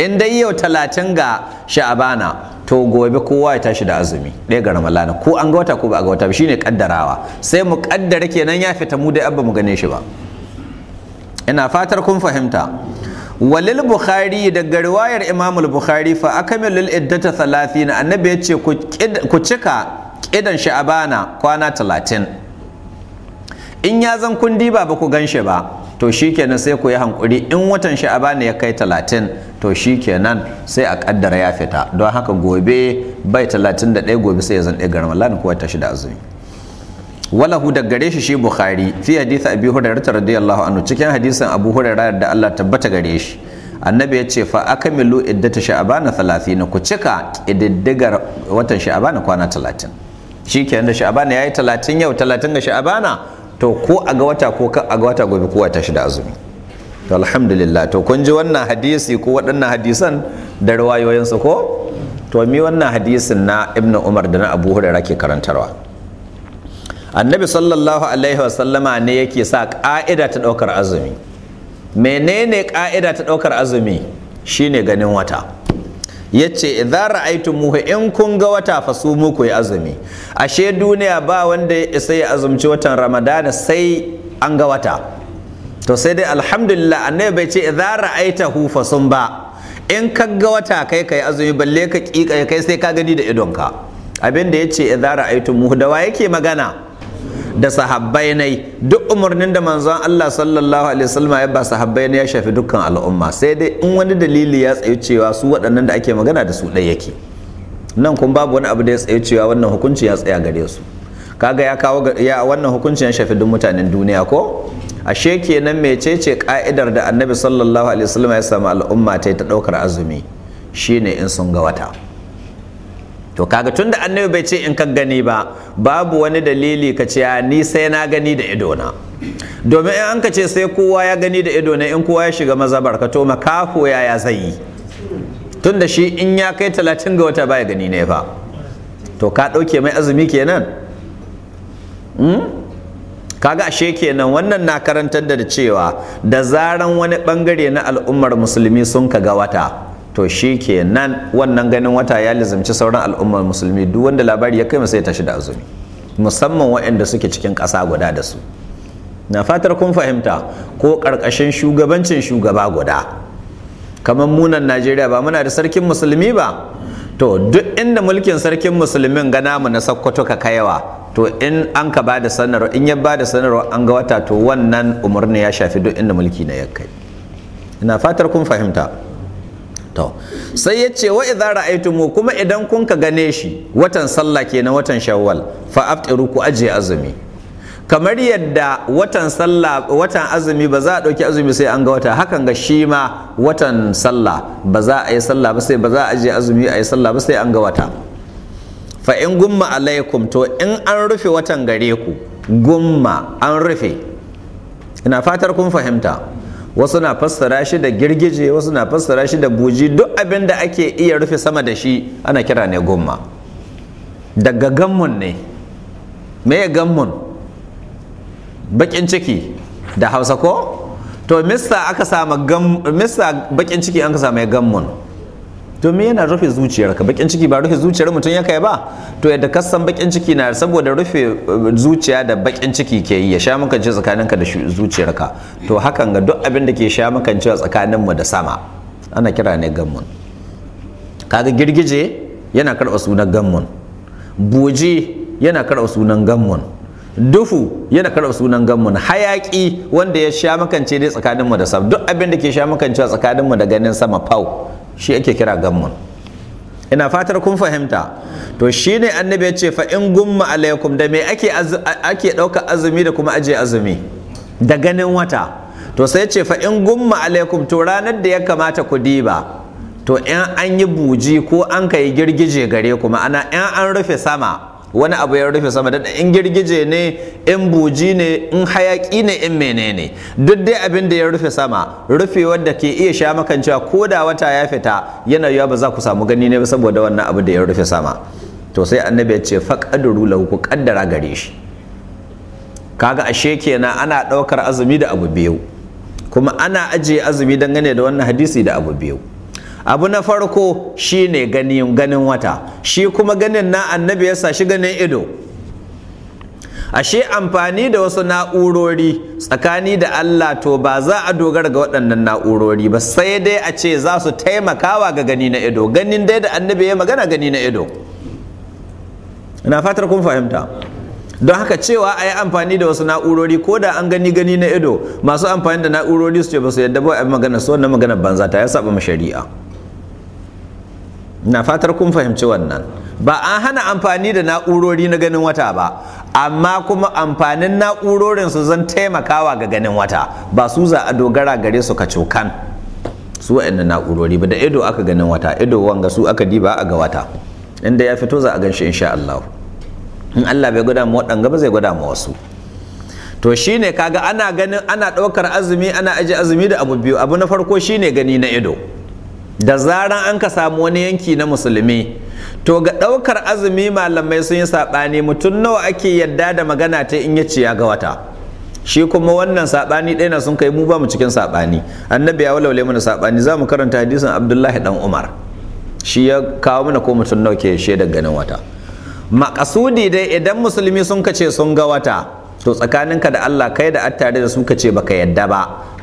Speaker 1: in dai yau 30 ga sha'abana to gobe kowa ya tashi da azumi ɗaya ga ramalana ko an ga wata ko ba a ga wata ba shine kaddarawa sai mu kaddara kenan ya fita mu dai abba mu gane shi ba ina fatar kun fahimta walil bukhari daga riwayar imam bukhari fa akamilul iddata 30 annabi ya ce ku cika kidan sha'abana kwana 30 in ya zan kundi diba ba ku gan shi ba to shikenan sai ku yi hankuri in watan sha'bana ya kai 30 to shi kenan sai a kaddara ya fita don haka gobe bai 31 gobe sai ya zan ɗaya garma Allah kuwa ta shida azumi walahu da gare shi shi bukhari fi abu abi ta radiyallahu anhu cikin hadisan abu hurairah da Allah tabbata gare shi annabi ya ce fa akamilu iddata sha'abana 30 ku cika ididdigar watan sha'abana kwana shi shikenan da sha'abana yi talatin yau talatin ga sha'abana to ko a ga wata ko ka a ga wata gobe ko shi shida azumi to alhamdulillah to kun ji wannan hadisi ko waɗannan hadisan da ruwayoyinsu ko to mi wannan hadisin na ibnu umar da na abu hurairah ke karantarwa annabi sallallahu alaihi wasallama ne yake sa ƙa'ida ta ɗaukar azumi menene ƙa'ida ta ɗaukar azumi shine ganin wata ya ce ra'aitu ra'aytumuhu in kun ga wata fasu muku ya azumi ashe duniya ba wanda ya isa ya azumci watan ramadana sai an ga wata to sai dai alhamdulillah annabi bai ce idza ra'aitahu fasun ba in ka ga wata kai kai azumi balle ka kika kai sai ka gani da idonka abin da yace idza ra'aitumuhu da wa yake magana da sahabbai ne duk umarnin da manzon Allah sallallahu alaihi wasallam ya ba sahabbai ne ya shafi dukkan al'umma sai dai in wani dalili ya tsaye cewa su waɗannan da ake magana da su ɗaya yake nan kun babu wani abu da ya tsaye cewa wannan hukunci ya tsaya gare su kaga ya kawo ya wannan hukuncin ya shafi duk mutanen duniya ko ashe kenan mecece ka'idar da annabi sallallahu alaihi wasallam ya samu al'umma ta yi ta ɗaukar azumi shine in sun ga wata to kaga tun da annabi bai ce in ka gani ba babu wani dalili ka ce ni sai na gani da idona domin in an ka ce sai kowa ya gani da idona in kowa ya shiga mazabar ka to makafo yaya zai yi da shi in ya kai talatin ga wata baya gani ne ba. to ka ɗauke mai azumi kenan hmm? kaga ashe kenan wannan na karantar da cewa da zaran wani bangare na al'ummar musulmi sun kaga wata to shi kenan wannan ganin wata ya lizimci sauran al'ummar musulmi duk wanda labari ya kai masa ya tashi da azumi musamman waɗanda suke cikin ƙasa guda da su na fatar kun fahimta ko ƙarƙashin shugabancin shugaba guda kamar munan najeriya ba muna da sarkin musulmi ba to duk inda mulkin sarkin musulmin gana mu na sakkwato ka kayawa to in an ka ba sanarwa in ya bada da sanarwa an ga wata to wannan umarni ya shafi duk inda mulki na ya kai ina fatar kun fahimta to sai ya ce wa idza ra'aytumu kuma idan kun ka gane shi watan sallah kenan watan shawwal fa aftiru ku ajiye azumi kamar yadda watan sallah watan azumi ba za a ɗauki azumi sai an ga wata hakan ga shi ma watan sallah ba za a yi sallah ba sai ba za a je azumi a yi sallah ba sai an ga wata fa in gumma alaikum to in an rufe watan gare ku gumma an rufe ina fatar kun fahimta wasu na fassara shi da girgije wasu na fassara shi da buji duk abin da ake iya rufe sama da shi ana kira ne gumma daga gammun ne me gammun bakin ciki da hausa ko to mista aka sama gam mista bakin ciki an ka sama gammun to me yana rufe zuciyarka bakin ciki ba rufe zuciyar mutum ya kai ba to yadda ka san bakin ciki na saboda rufe eh, zuciya da bakin ciki ke yi ya sha makance tsakaninka da zuciyarka to hakan ga duk abin da ke sha tsakanin mu da sama ana kira ne gammun kaga girgije yana karɓa sunan gammun buji yana karɓa sunan gammun duhu yana karɓar sunan na hayaƙi wanda ya sha makance dai tsakaninmu da sama duk abin da ke sha a tsakaninmu da ganin sama fau shi ake kira ganmu ina fatar kun fahimta to shine annabi ya ce fa in gumma alaikum da me ake ɗauka azumi da kuma aje azumi da ganin wata to sai ce fa in gumma alaikum to ranar da ya kamata ku diba to in an yi buji ko an kai girgije gare kuma ana in an rufe sama wani abu ya rufe sama dada in girgije ne in buji ne in hayaki ne in menene duk dai abin da ya rufe sama rufe wanda ke iya sha makan cewa ko da wata ya fita yana yiwa ba za ku samu gani ne ba saboda wannan abu da ya rufe sama to sai annabi ya ce faqadru lahu ku kaddara gare shi kaga ashe kenan ana daukar azumi da abu biyu kuma ana ajiye azumi dangane da wannan hadisi da abu biyu abu na farko shine ganin ganin wata shi kuma ganin na annabi ya shi ganin ido ashe amfani da wasu na'urori tsakani da Allah to ba za a dogara ga waɗannan na'urori ba sai dai a ce za su taimakawa ga gani na ido ganin dai da annabi ya magana gani na ido ina fatar kun fahimta don haka cewa a yi amfani da wasu na'urori ko da an gani gani na ido masu amfani da na'urori su ce ba su yadda ba a magana su wannan magana banza ta ya saba ma shari'a na fatar kun fahimci wannan ba an hana amfani da na'urori na ganin wata ba amma kuma amfanin na'urorin su zan taimakawa ga ganin wata ba su za a dogara gare su ka cokan su wa'in na'urori ba da ido aka ganin wata ido wanga su aka diba a ga wata inda ya fito za a ganshi insha Allah in Allah bai gwada mu waɗanga ba zai gwada mu wasu to shine kaga ana ganin ana ɗaukar azumi ana aji azumi da abu biyu abu na farko shine gani na ido da zaran an ka samu wani yanki na musulmi to ga ɗaukar azumi malamai sun yi saɓani mutum nawa ake yadda da magana ta in ya ga wata shi kuma wannan saɓani ɗaya na sun kai mu ba mu cikin saɓani annabi ya walaule mana saɓani za mu karanta hadisin abdullahi dan umar shi ya kawo mana ko mutum nawa ke shaidar ganin wata makasudi dai idan musulmi sun kace sun ga wata to tsakaninka da Allah kai da attare da su ka ce baka yadda ba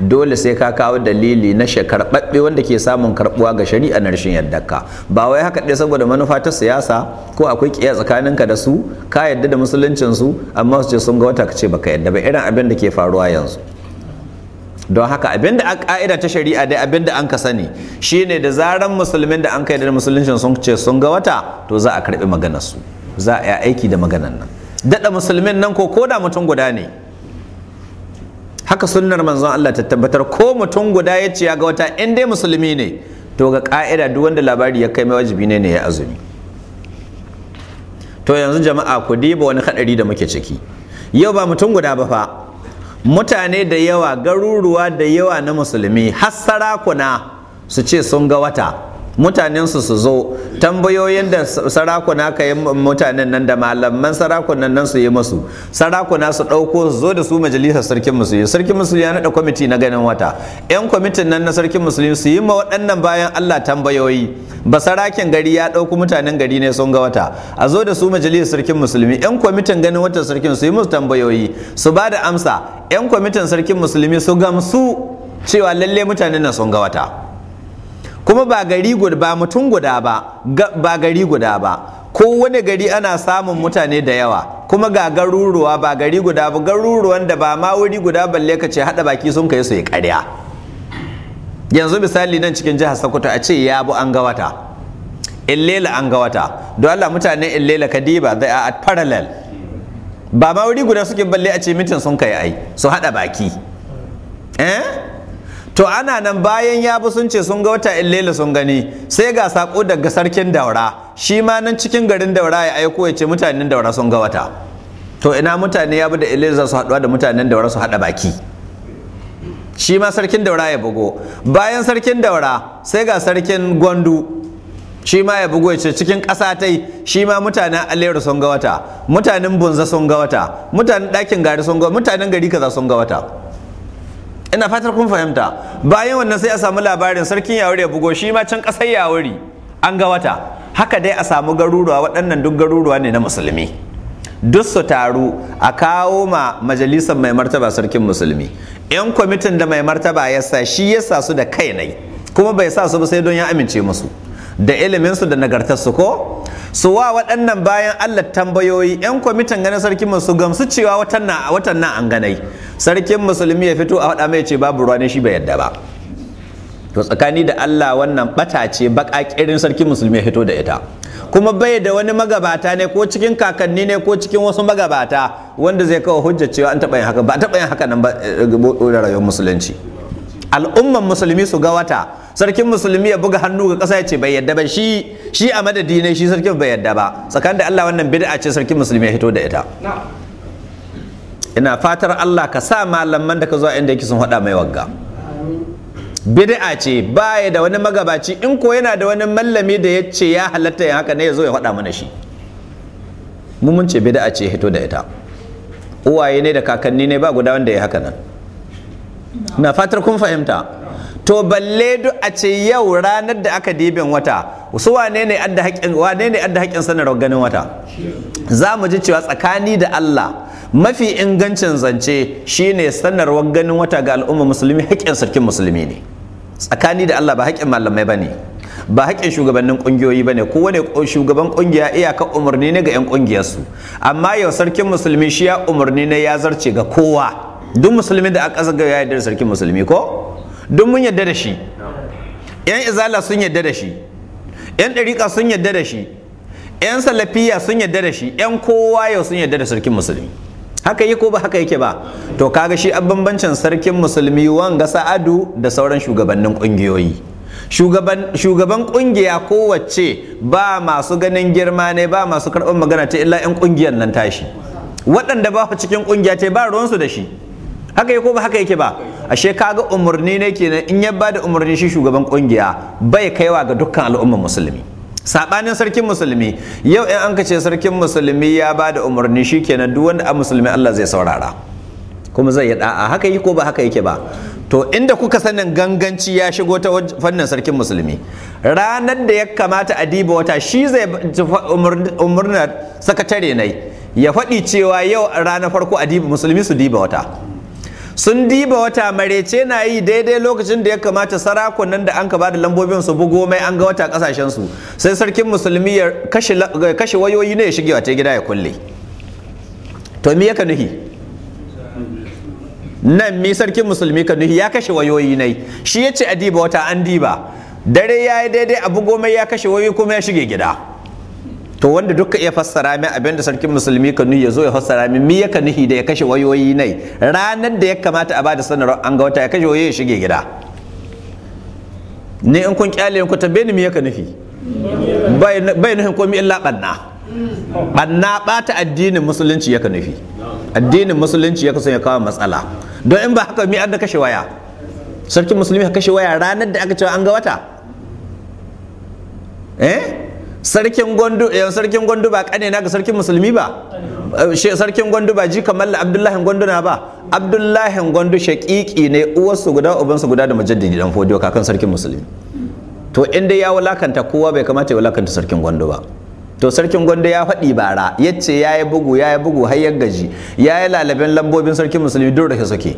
Speaker 1: dole sai ka kawo dalili na babbe wanda ke samun karbuwa ga shari'a na rashin ka ba wai haka ɗaya saboda manufa ta siyasa ko akwai kiyaye tsakaninka da su ka yadda da musuluncin su amma su ce sun ga wata ka ce baka yadda ba irin abin da ke faruwa yanzu don haka abin da ka'ida ta shari'a dai abin da an ka sani shine da zaran musulmin da an kai da musuluncin sun ce sun ga wata to za a karɓi maganar su za a yi aiki da maganar nan daɗa musulmin nan ko koda mutum guda ne haka sunnar manzon Allah ta tabbatar ko mutum guda ya ce ga wata in dai musulmi ne to ga ka'ida duk wanda labari ya kai mai wajibi ne ne ya azumi to yanzu jama'a ku diba wani hadari da muke ciki yau ba mutum guda ba fa mutane da yawa garuruwa da yawa na musulmi har sarakuna su ce sun ga wata mutanensu su zo tambayoyin da sarakuna ka yi mutanen nan da malaman sarakunan nan su yi musu sarakuna su ɗauko su zo da su majalisar sarkin musulmi sarkin musulmi ya naɗa kwamiti na ganin wata yan kwamitin nan na sarkin musulmi su yi ma waɗannan bayan allah tambayoyi ba sarakin gari ya ɗauko mutanen gari ne sun ga wata a zo da su majalisar sarkin musulmi yan kwamitin ganin watan sarkin su yi musu tambayoyi su ba da amsa yan kwamitin sarkin musulmi su gamsu cewa lalle mutanen nan sun ga wata kuma ba gari guda ba mutum guda ba ba gari guda ba ko wani gari ana samun mutane da yawa kuma ga garuruwa ba gari guda ba garuruwan da ba ma wuri guda balle ka ce hada baki sun kai su ya karya yanzu misali nan cikin jihar Sokoto a ce ya bu an ga wata illela an ga wata don Allah mutane illela kadiba they a at parallel ba ma wuri guda suke balle a ce mitin sun kai ai su hada baki eh to ana nan bayan ya bi sun ce sun ga wata illela sun gani sai ga sako daga sarkin daura shi ma nan cikin garin daura ya aiko ya ce mutanen daura sun ga wata to ina mutane ya bi da illela su haɗuwa da mutanen daura su haɗa baki shi ma sarkin daura ya bugo bayan sarkin daura sai ga sarkin gwandu shi ma ya bugo ya ce cikin ƙasa ta yi shi ma mutanen aleru sun ga wata mutanen bunza sun ga wata mutanen ɗakin gari sun ga mutanen gari kaza sun ga wata ina fatar kun fahimta bayan wannan sai a samu labarin sarkin yawuri ya bugo shi ma can kasar yawuri an ga wata haka dai a samu garuruwa waɗannan duk garuruwa ne na musulmi duk su taru a kawo ma majalisar mai martaba sarkin musulmi yan kwamitin da mai martaba ya sa shi ya sa su da kai nai kuma bai sa su ba sai don ya amince musu da iliminsu da nagartarsu ko su wa waɗannan bayan allah tambayoyi 'yan kwamitin ganin sarkin musu gamsu cewa watan nan an ganai sarkin musulmi ya fito a faɗa mai ce babu ruwa ne shi bai yadda ba to tsakani da allah wannan bata ce baƙaƙirin sarkin musulmi ya fito da ita kuma bai da wani magabata ne ko cikin kakanni ne ko cikin wasu magabata wanda zai kawo hujja cewa an taɓa yin haka ba taɓa yin haka nan ba da rayuwar musulunci al'umman musulmi su ga wata sarkin musulmi ya buga hannu ga ƙasa ya ce bai yadda ba shi shi a madadi ne shi sarkin bai yadda ba tsakanin da Allah wannan bid'a ce sarkin musulmi ya hito da ita ina fatar Allah ka sa malaman da ka a inda yake sun hada mai wagga bid'a ce baya da wani magabaci in ko yana da wani mallami da ya ce ya halatta ya haka ne ya zo ya hada mana shi mu mun ce bid'a ce hito da ita uwaye ne da kakanni ne ba guda wanda ya haka nan na fatar kun fahimta to balle duk a ce yau ranar da aka dibin wata su wane ne adda haƙƙin wane ne adda haƙƙin sanarwar ganin wata za mu ji cewa tsakani da Allah mafi ingancin zance shine sanarwar ganin wata ga al'umma musulmi haƙƙin sarkin musulmi ne tsakani da Allah ba haƙƙin malamai bane ba haƙƙin shugabannin ƙungiyoyi bane ko wani shugaban ƙungiya iyaka umarni ne ga 'yan ƙungiyarsu amma yau sarkin musulmi shi ya umarni ne ya zarce ga kowa duk musulmi da aka zaga ya yarda sarkin musulmi ko duk mun yadda da shi yan izala sun yadda da shi yan ɗariƙa sun yadda da shi yan salafiya sun yadda da shi yan kowa yau sun yadda da sarkin musulmi haka yi ko ba haka yake ba to kaga shi an bambancin sarkin musulmi wanga sa'adu da sauran shugabannin ƙungiyoyi shugaban ƙungiya kowace ba masu ganin girma ne ba masu karɓar magana ta illa 'yan ƙungiyar nan tashi waɗanda ba cikin ƙungiya ta ba ruwansu da shi haka yi ko ba haka yake ba ashe kaga umarni ne kenan in ya bada umarni shi shugaban kungiya bai kaiwa ga dukkan al'ummar musulmi sabanin sarkin musulmi yau in an kace sarkin musulmi ya ba da umarni shi kenan duk wanda a musulmi Allah zai saurara kuma zai yi da'a haka yi ko ba haka yake ba to inda kuka sanin ganganci ya shigo ta fannin sarkin musulmi ranar da ya kamata a diba wata shi zai umurnar sakatare nai ya faɗi cewa yau ranar farko a diba musulmi su diba wata sun diba wata marece na yi daidai lokacin da ya kamata sarakunan da an ka bada lambobin su bugo mai an ga wata kasashen su sai sarkin musulmi ya kashe wayoyi ne ya shige wata gida ya kulle to me ka nuhi nan mi sarkin musulmi ka nuhi ya kashe wayoyi ne shi ya ce a diba wata an diba dare ya yi daidai a bugo mai ya kashe wayoyi kuma ya shige gida to wanda duka iya fassara min abin da sarkin musulmi kanu ya zo ya fassara min mi yaka nuhi da ya kashe wayoyi nai ranar da ya kamata a bada sanarwar an ga wata ya kashe wayoyi ya shige gida ne in kun kyale ku bai ni mi yaka nuhi bai nuhin komi illa banna banna bata addinin musulunci yaka nuhi addinin musulunci yaka son ya kawo matsala don in ba haka mi an da kashe waya sarkin musulmi ka kashe waya ranar da aka cewa an ga wata eh sarkin gwandu eh, sarkin gwandu ba kane na ga sarkin musulmi ba eh, sarkin gwandu ba ji kamar abdullahi gwandu na ba abdullahi gwandu shaqiqi ne uwarsu guda ubansu guda da majaddidi dan fodiyo kakan sarkin musulmi to inda ya wulakanta kowa bai kamata ya wulakanta sarkin gwandu ba to sarkin gwandu ya faɗi bara ya ce ya yi bugu ya yi bugu har ya gaji ya yi lalaben lambobin sarkin musulmi duk da suke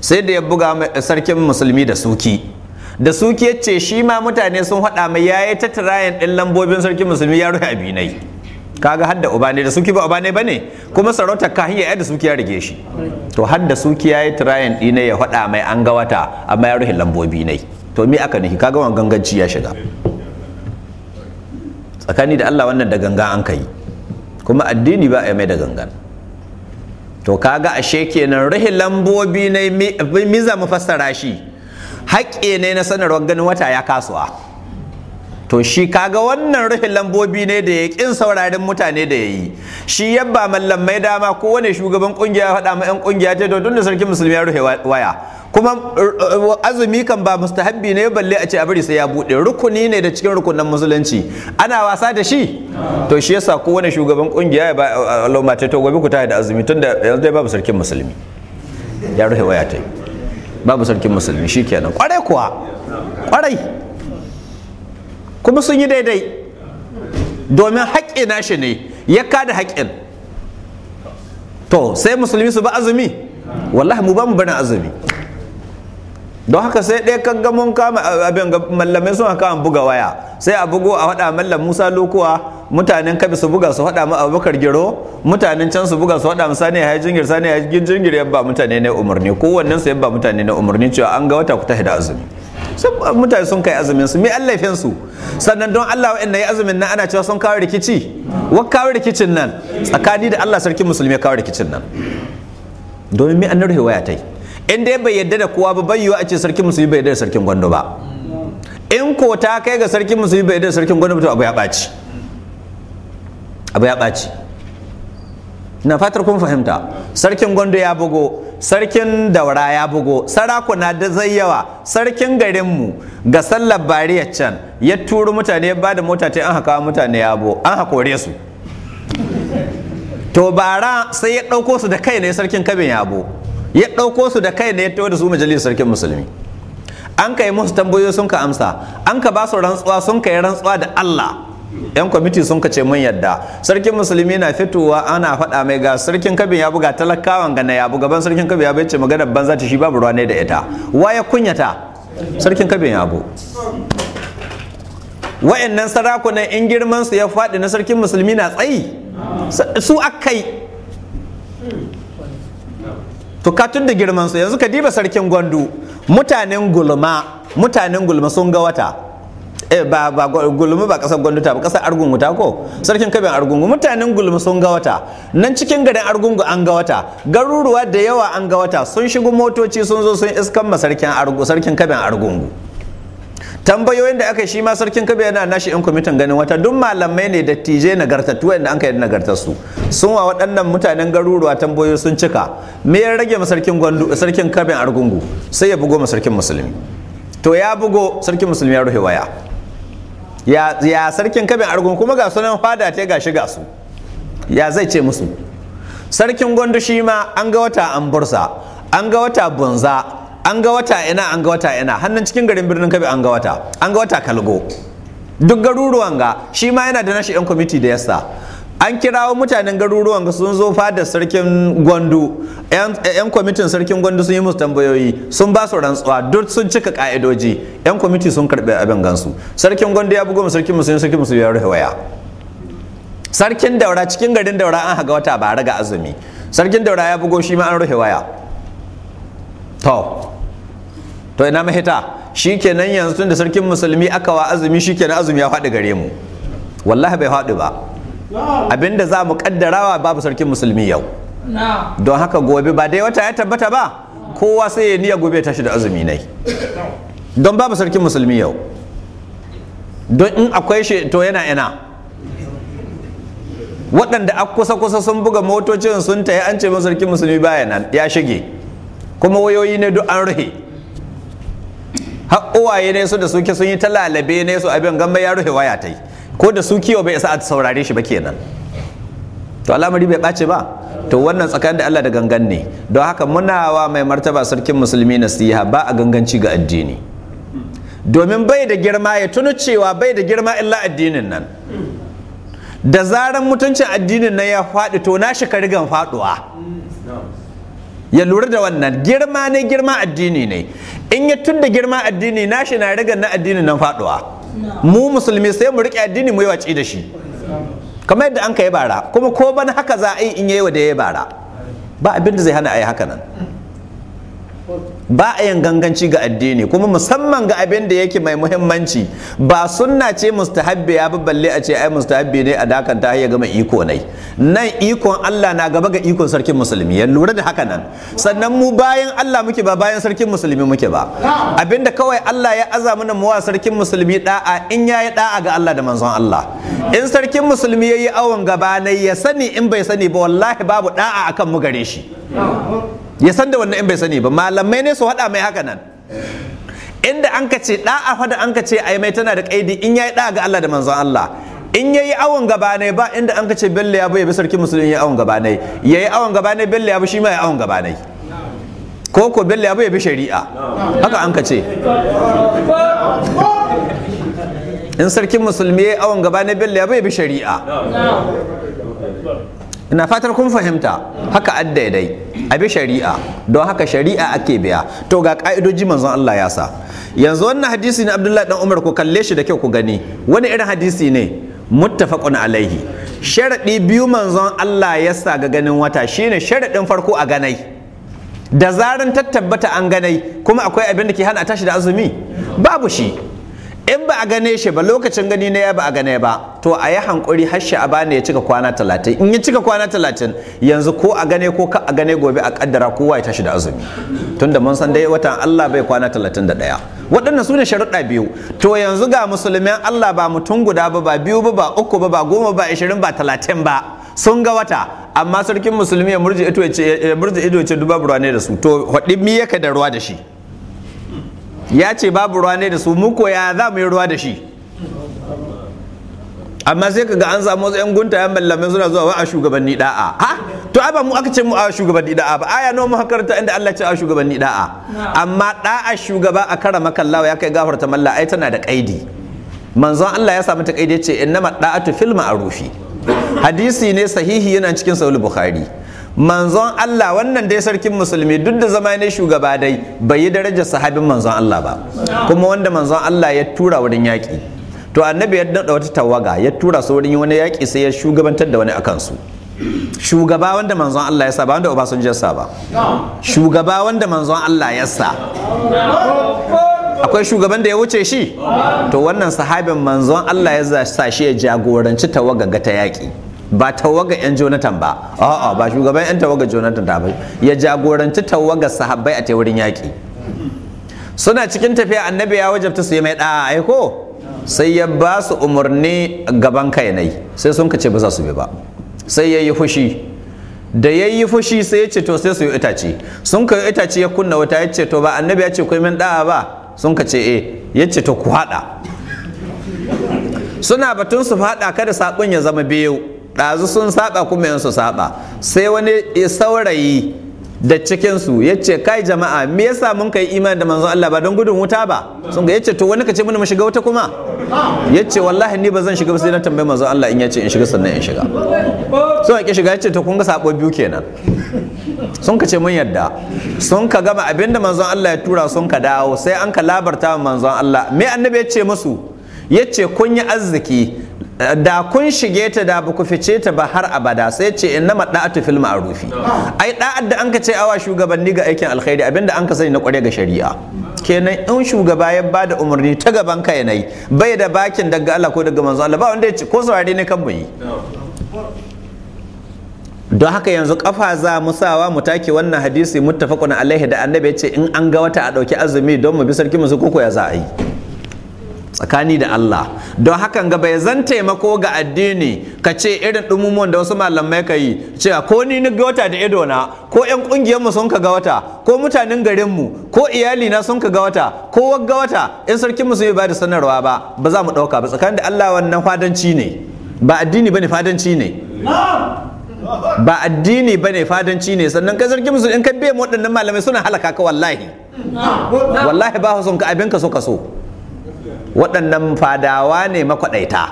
Speaker 1: sai da ya buga eh, sarkin musulmi da suki da su ke ce shi ma mutane sun haɗa mai yayi ta tirayen ɗin lambobin sarki musulmi ya rufe abinai kaga hadda uba ne da suki ba uba ne bane kuma sarautar kahin ya yadda suki ya rige shi to hadda suki yayi tirayen ɗina ya haɗa mai an ga wata amma ya rufe lambobi nai. to me aka nihi kaga wannan ganganci ya shiga tsakani da Allah wannan da gangan an kai kuma addini ba a mai da gangan to kaga ashe kenan rufe lambobi ne mi za mu fassara shi haƙƙi ne na sanarwar ganin wata ya kasuwa to shi kaga wannan rufe lambobi ne da ya ƙin saurarin mutane da ya yi shi yabba mai dama kowane shugaban ƙungiya faɗa ma 'yan ƙungiya ce to tun da sarkin musulmi ya rufe waya kuma eh, eh, azumi kan ba mustahabbi ne balle a ce a bari sai ya buɗe rukuni ne da cikin rukunan musulunci ana wasa da shi to shi yasa kowane shugaban ƙungiya ya ba eh, a mace to gobe ku tare da azumi tunda yanzu dai babu sarkin musulmi ya rufe waya ta yi babu sarkin musulmi shikenan kwarai kuwa kwarai kuma sun yi daidai domin haƙƙi nashi ne ya kada haƙƙin to sai musulmi su ba azumi wallahi mu ba mu barin azumi don haka sai ɗaya kan ga mun kama abin mallamai sun haka buga waya sai a bugo a faɗa mallam musa lokuwa mutanen kabi su buga su haɗa mu abubakar giro mutanen can su buga su haɗa mu sani ya jingir sani ya jingir yabba mutane ne umarni kowannen su yabba mutane ne umarni cewa an ga wata ku ta hida azumi mutane sun kai azumin su me allafin su sannan don Allah wa'annan ya azumin nan ana cewa sun kawo rikici wa kawo rikicin nan tsakani da Allah sarkin musulmi kawo rikicin nan domin me annar riwaya tai in dai bai yadda da kowa ba bai yiwa a ce sarkin musulmi bai yadda da sarkin gwando ba in ko ta kai ga sarkin musulmi bai yadda da sarkin gwando ba to abu ya ɓaci abu ya ɓaci na fatar kun fahimta sarkin gondo ya bugo sarkin daura ya bugo sarakuna da zai yawa sarkin garinmu ga sallar bariyar can ya turu mutane ba da mota ta an haka mutane ya bo an hakore su to bara sai ya ɗauko su da kai ne sarkin kabin yabo ya ɗauko su da kai ne ya tawo da su majalisar sarkin musulmi an ka yi musu tambayoyi sun ka amsa an ka ba su rantsuwa sun ka yi rantsuwa da allah yan kwamiti sun kace mun yadda sarkin musulmi na fitowa ana faɗa mai ga sarkin kabin ya buga talakawan gana ya buga ban sarkin kabin ya bai ce magana banza ta shi babu ruwa ne da ita ya kunyata sarkin kabin ya bu wa'annan sarakunan in girman su ya faɗi na sarkin musulmi na tsayi su akai to ka tun da girman su yanzu ka diba sarkin gwandu mutanen gulma mutanen gulma sun ga wata Eh, ba ba gulmi ba kasar gwanduta ba kasar argungu ta ko sarkin kabin argungu mutanen gulmi sun ga wata nan cikin garin argungu an ga wata garuruwa da yawa an ga wata sun shigo motoci sun zo sun iskan ma sarkin argungu sarkin kabin argungu tambayoyin da aka shi ma sarkin kabin yana nashi in kwamitin ganin wata duk malamai ne da tije nagartattu wanda an kai nagartattu sun wa waɗannan mutanen garuruwa tambayoyi sun cika me ya rage ma sarkin gwandu sarkin kabin argungu sai ya bugo ma sarkin musulmi to ya bugo sarkin musulmi ya ruhe waya ya sarkin kabin argun kuma ga sunan fada ta gashi ga su ya zai ce musu sarkin gwandu shi ma an ga wata an bursa an ga wata bunza an ga wata ina an ga wata ina hannun cikin garin birnin kabi an ga wata an ga wata kalgo duk garuruwan ga shi ma yana da nashi yan kwamiti da yasa an kirawo mutanen garuruwan sun zo fada sarkin gwandu yan kwamitin sarkin gwandu sun yi musu tambayoyi sun ba su rantsuwa duk sun cika ka'idoji yan kwamiti sun karbi abin gansu sarkin gwandu ya bugo mu sarkin musulmi sarkin musulmi ya rufe waya sarkin daura cikin garin daura an haga wata ba raga azumi sarkin daura ya bugo shi ma an rufe waya to to ina mahita shikenan yanzu tun da sarkin musulmi aka wa azumi shikenan azumi ya faɗi gare mu wallahi bai faɗi ba abinda za mu kaddarawa babu sarkin musulmi yau don haka gobe ba dai wata ya tabbata ba kowa sai ya niyya gobe tashi da azumi ne don babu sarkin musulmi yau don in akwai shi to yana ina waɗanda a kusa kusa sun buga motocin sun tayi an ce sarkin musulmi baya nan ya shige kuma wayoyi ne duk an ruhe har ne su da suke sun yi ta lalabe ne su abin gamba ya ruhe waya ta yi ko da su kiwo bai isa a saurare shi ba kenan to al'amari bai ɓace ba to wannan tsakanin da Allah da gangan ne don haka muna wa mai martaba sarkin musulmi nasiha ba a ganganci ga addini domin bai da girma ya tunu cewa bai da girma illa addinin nan da zaran mutuncin addinin nan ya faɗi to na shi karigan faɗuwa ya lura da wannan girma ne girma addini ne in ya tun da girma addini na shi na rigan na addinin nan faɗuwa mu musulmi sai mu riƙe addini mu yi waci da shi kamar yadda an ka bara kuma ko bana haka za a yi in yi wa da ya bara ba abin da zai hana a yi haka nan ba a yin ganganci ga addini kuma musamman ga abin da yake mai muhimmanci ba sunna ce mustahabbi ya balle a ce ai mustahabbi ne a dakan ta ya gama iko nai nan ikon Allah na gaba ga ikon sarkin musulmi ya lura da haka nan sannan mu bayan Allah muke ba bayan sarkin musulmi muke ba abin da kawai Allah ya aza mana muwa sarkin musulmi da'a in ya yi da'a ga Allah da manzon Allah in sarkin musulmi yi awon gaba nai ya sani in bai sani ba wallahi babu da'a akan mu gare shi ya san da wannan in bai sani ba malamai ne su haɗa mai haka nan inda an ka ce ɗa'a fa da an ka ce ai mai tana da ƙa'idi, in yayi ɗa'a ga Allah da manzon Allah in yayi awon gaba ne ba inda an ka ce bello ya bi sarki musulmi yayi awon gaba ne yayi awon gaba ne bello ya bi shi ma yayi awon gaba ne ko ko bello ya bai bi shari'a haka an ka ce in sarkin musulmi yayi awon gaba ne bello ya bi shari'a ina fatar kun fahimta haka a bi shari'a don haka shari'a ake biya to ga ka'idoji manzon Allah ya sa yanzu wannan hadisi na Abdullahi dan Umar ku kalle shi da kyau ku gani wani irin hadisi ne muttafaqun alaihi sharadi biyu manzon Allah ya sa ga ganin wata shine sharadin farko a ganai da zaran ta tabbata an ganai kuma akwai abin da ke hana tashi da azumi babu shi in ba a gane shi ba lokacin gani na ya ba a gane ba to a yi hankuri har shi a bani ya cika kwana talatin in ya cika kwana talatin yanzu ko a gane ko ka a gane gobe a kaddara kowa ya tashi da azumi tunda mun san dai watan Allah bai kwana talatin da daya. Waɗanda su ne sharuɗa biyu to yanzu ga musulmin Allah ba mutum guda ba ba biyu ba ba uku ba ba goma ba ashirin ba talatin ba sun ga wata amma sarkin musulmi ya murji ido ya ce duba ne da su to haɗi mi yake da ruwa da shi ya ce babu ruwa ne da su mu koya za mu yi ruwa da shi amma sai ka ga an samu wasu 'yan gunta 'yan mallamai suna zuwa wa a shugabanni da'a ha to ai ba mu aka ce mu a shugabanni da'a ba aya nawa makaranta inda Allah ce a shugabanni da'a amma da'a shugaba a kara makallawa ya kai gafarta malla ai tana da kaidi manzon Allah ya samu ta kaidi ce innama da'atu fil ma'rufi hadisi ne sahihi yana cikin sahih bukhari manzon Allah wannan dai sarkin musulmi duk da zama ne shugaba dai bai yi darajar sahabin manzon Allah ba kuma wanda manzon Allah ya tura wurin yaƙi to annabi ya daɗa wata tawaga ya tura su wurin wani yaƙi sai ya shugabantar da wani akan su shugaba wanda manzon Allah ya sa ba wanda Obasanjo ya sa ba shugaba wanda manzon Allah ya sa akwai shugaban da ya wuce shi to wannan sahabin manzon Allah ya sa shi ya jagoranci tawaga ga ta yaƙi ba tawaga 'yan jonathan ba a'a ba shugaban 'yan tawaga jonathan ta bai ya jagoranci tawaga sahabbai a ta wurin yaƙi suna cikin tafiya annabi ya wajabta su yi mai ɗa'a aiko sai ya ba su umarni gaban kai nai sai sun kace ba za su bi ba sai ya yi fushi da ya yi fushi sai ya ce to sai su yi itace sun kai itace ya kunna wuta ya ce to ba annabi ya ce kai min ɗa'a ba sun kace eh ya ce to ku haɗa suna batun su faɗa kada saɓon ya zama biyu ɗazu sun saba kuma yansu saba sai wani saurayi da cikinsu ya ce kai jama'a me yasa mun kai imani da manzon Allah ba don gudun wuta ba sun ga ya ce to wani ka ce mun mu shiga wuta kuma ya ce wallahi ni ba zan shiga ba sai na tambayi manzon Allah in ya ce in shiga sannan in shiga sun ka shiga ya ce to kun ga sabo biyu kenan sun ka ce mun yadda sun ka gama abinda manzon Allah ya tura sun ka dawo sai an ka labarta manzon Allah me annabi ya ce musu ya ce kun yi arziki da kun shige ta da ba ku fice ta ba har abada sai ce inna da'atu fil ma'rufi ai da'ar da ka ce awa shugabanni ga aikin alkhairi abinda an ka sani na kware ga shari'a kenan in shugaba ya bada umarni ta gaban ka yanayi bai da bakin daga Allah ko daga manzo Allah ba wanda ya ce ko saurare ne kan mu yi don haka yanzu kafa za mu sawa mu take wannan hadisi muttafaqun alaihi da annabi ya ce in an ga wata a dauki azumi don mu bi sarkin mu su koko ya za a yi tsakani da Allah don hakan ga bai zan taimako ga addini ka ce irin dumumon da wasu malamai ka yi cewa ko ni ni wata da ido na ko yan kungiyar mu sun ka ga wata ko mutanen garin mu ko iyali na sun ka ga wata ko wagga wata in sarkin mu sun ba da sanarwa ba ba za mu dauka ba tsakani da Allah wannan fadanci ne ba addini bane fadanci ne ba addini bane fadanci ne sannan kai sarkin mu in ka biye waɗannan malamai suna halaka ka wallahi wallahi ba son ka abin ka so ka so waɗannan fadawa ne makwaɗaita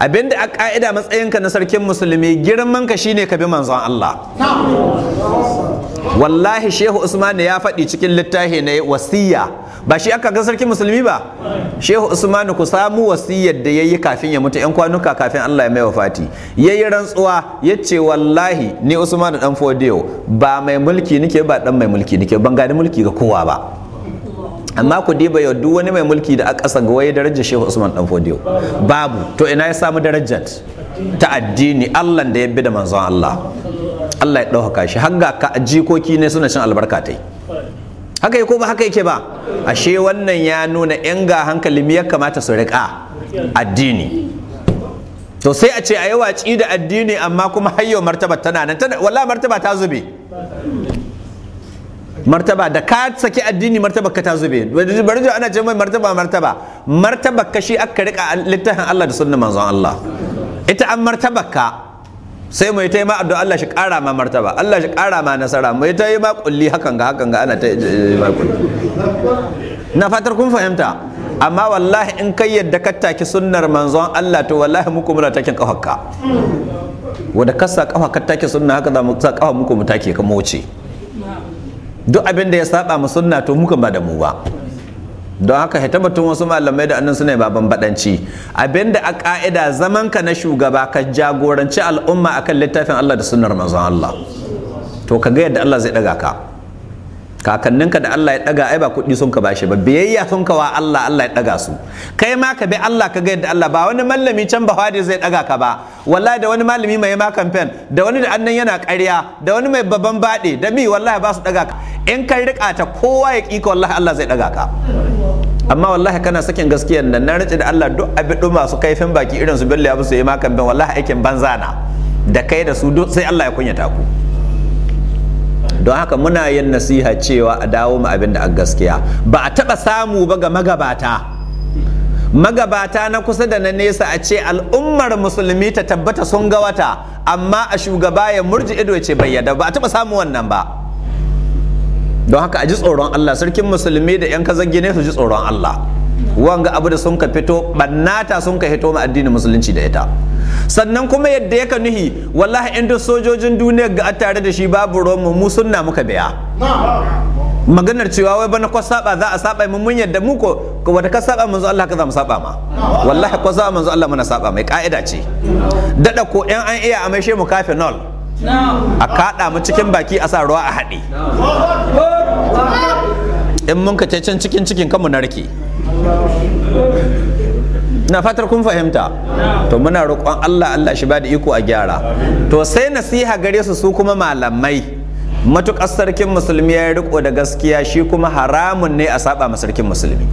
Speaker 1: abinda a ƙa'ida matsayinka na sarkin musulmi girman shi shine ka bi manzon Allah wallahi shehu usman ya faɗi cikin littafi na wasiya ba shi aka ga sarkin musulmi ba shehu usman ku samu wasiyar da yayi kafin ya mutu yan kwanuka kafin Allah ya mai wafati yayi rantsuwa yace wallahi ni usman dan fodiyo ba mai mulki nike ba dan mai mulki nike ban gani mulki ga kowa ba amma ku diba yau duk wani mai mulki da aka ga waye darajar shehu usman dan fodiyo babu to ina ya samu darajar ta addini allah da ya bi da manzon allah allah ya ɗaukaka shi har ga ka jikoki ne suna cin albarka tai haka ko ba haka yake ba ashe wannan ya nuna yan ga hankali ya kamata su riƙa addini to sai a ce a yi watsi da addini amma kuma hayyo martaba tana nan wala martaba ta zube martaba da ka saki addini martaba ka ta zube bari ana ce mai martaba martaba martaba ka shi aka rika littafin Allah da sunnan manzon Allah ita an martaba ka sai mu ta yi ma addu'a Allah shi kara ma martaba Allah shi kara ma nasara mu ta yi ma kulli hakan ga hakan ga ana ta yi eh, eh, ma kulli na fatar kun fahimta amma wallahi in kai yadda ka taki sunnar manzon Allah to wallahi muku muna takin kafarka wanda kasa kafa ka take sunna haka za mu sa kafa muku mu take ka mu wuce duk abin da ya saba mu sunna to muka ba da mu ba don haka hita batun wasu malamai da annan suna baban badanci da a ka'ida zaman ka na shugaba ka jagoranci al'umma akan littafin Allah da sunnar manzon Allah to ka ga yadda Allah zai daga ka Kakannin ka da Allah ya daga ai ba kuɗi sun ka bashi ba biyayya sun ka wa Allah Allah ya daga su kai ma ka bi Allah ka ga yadda Allah ba wani mallami can ba hadi zai daga ka ba wallahi da wani malami mai ma campaign da wani da annan yana ƙarya da wani mai babban baɗe da mi wallahi ba su daga ka in ka rika ta kowa ya ƙi ka wallahi Allah zai daga ka amma wallahi kana sakin gaskiyar nan na rike da Allah duk abi masu kaifin baki irin su Bello ya su yi ma campaign wallahi aikin banza na da kai da su sai Allah ya kunyata ku don haka muna yin nasiha cewa a dawo mu abin da a gaskiya ba a taɓa samu ba ga magabata magabata na kusa da na nesa a ce al'ummar musulmi ta tabbata sun ga wata amma a shugaba ya murji ido ce bai yadda ba a taɓa samu wannan ba don haka a ji tsoron Allah sarkin musulmi da 'yan kazan gine su ji tsoron Allah wanga abu da sun ka fito bannata sun ka hito ma addinin musulunci da ita sannan kuma yadda yaka nuhi wallahi in duk sojojin duniya ga tare da shi babu romu mu sunna muka biya maganar cewa wai bana kwasa saba za a saba mu, mun yadda mu ko wata ka saba manzo Allah ka za mu saba ma wallahi ko saba manzo Allah muna saba mai ka'ida ce dada ko yan an iya amai shemu kafe nol a kada mu cikin baki a sa ruwa a hade in mun ka can cikin cikin kanmu na rike ina fatar kun fahimta to muna roƙon Allah Allah shi ba da iko a gyara to sai nasiha gare su su kuma malamai matuƙar sarkin musulmi ya riko da gaskiya shi kuma haramun ne a saba ma sarkin musulmi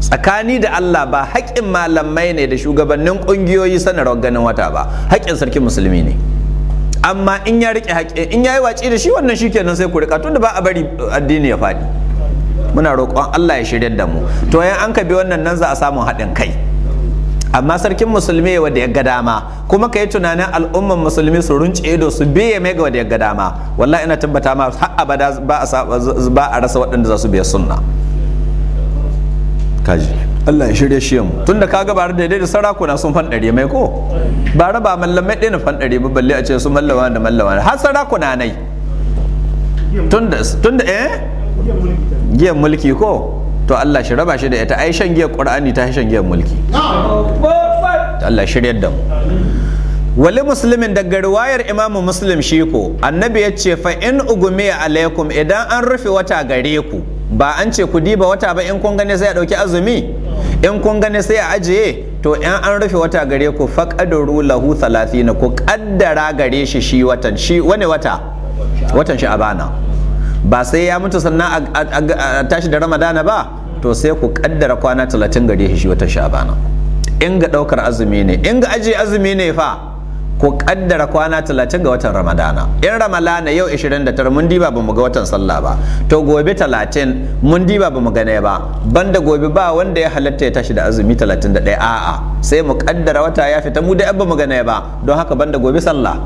Speaker 1: tsakani da Allah ba haƙƙin malamai ne da shugabannin ƙungiyoyi sanarwar ganin wata ba haƙƙin sarkin musulmi ne amma in ya riƙe haƙƙin in ya yi watsi da shi wannan shi kenan sai ku riƙa tunda ba a bari addini ya faɗi muna roƙon Allah ya shirya da mu to yan an ka bi wannan nan za a samu haɗin kai amma sarkin musulmi wanda ya ga dama kuma ka yi tunanin al'umman musulmi su runce ido su biye mai ga wanda ya ga dama wallahi ina tabbata ma har abada ba a rasa waɗanda za su biya sunna kaji Allah ya shirya shi mu tunda ka ga bare daidai da sarakuna sun ɗari mai ko bare ba mallamai ɗaya na fanɗare ba balle a ce su mallama da mallama har sarakuna nai tunda tunda eh giyan mulki ko to Allah shi raba shi da ita ai shan giyar Qur'ani ta shan giyar mulki Allah shiryar da mu wali musulmin daga riwayar imamu muslim shi ko annabi ya ce fa in ugumi alaikum idan an rufe wata gare ku ba an ce ku diba wata ba in kun gane sai a ɗauki azumi in kun gane sai a ajiye to in an rufe wata gare ku faqadru lahu 30 ku kaddara gare shi shi watan shi wani wata watan shi abana ba sai ya mutu sannan a tashi da ramadana ba to sai ku kaddara kwana talatin gare shi wata shabana in ga daukar azumi ne in ga aji azumi ne fa ku kaddara kwana talatin ga watan ramadana in ramadana yau 29 mun diba bamu ga watan sallah ba to gobe talatin mun diba bamu gane ba banda gobe ba wanda ya halatta ya tashi da azumi 31 a'a sai mu kaddara wata ya fita mu da abba mu gane ba don haka banda gobe sallah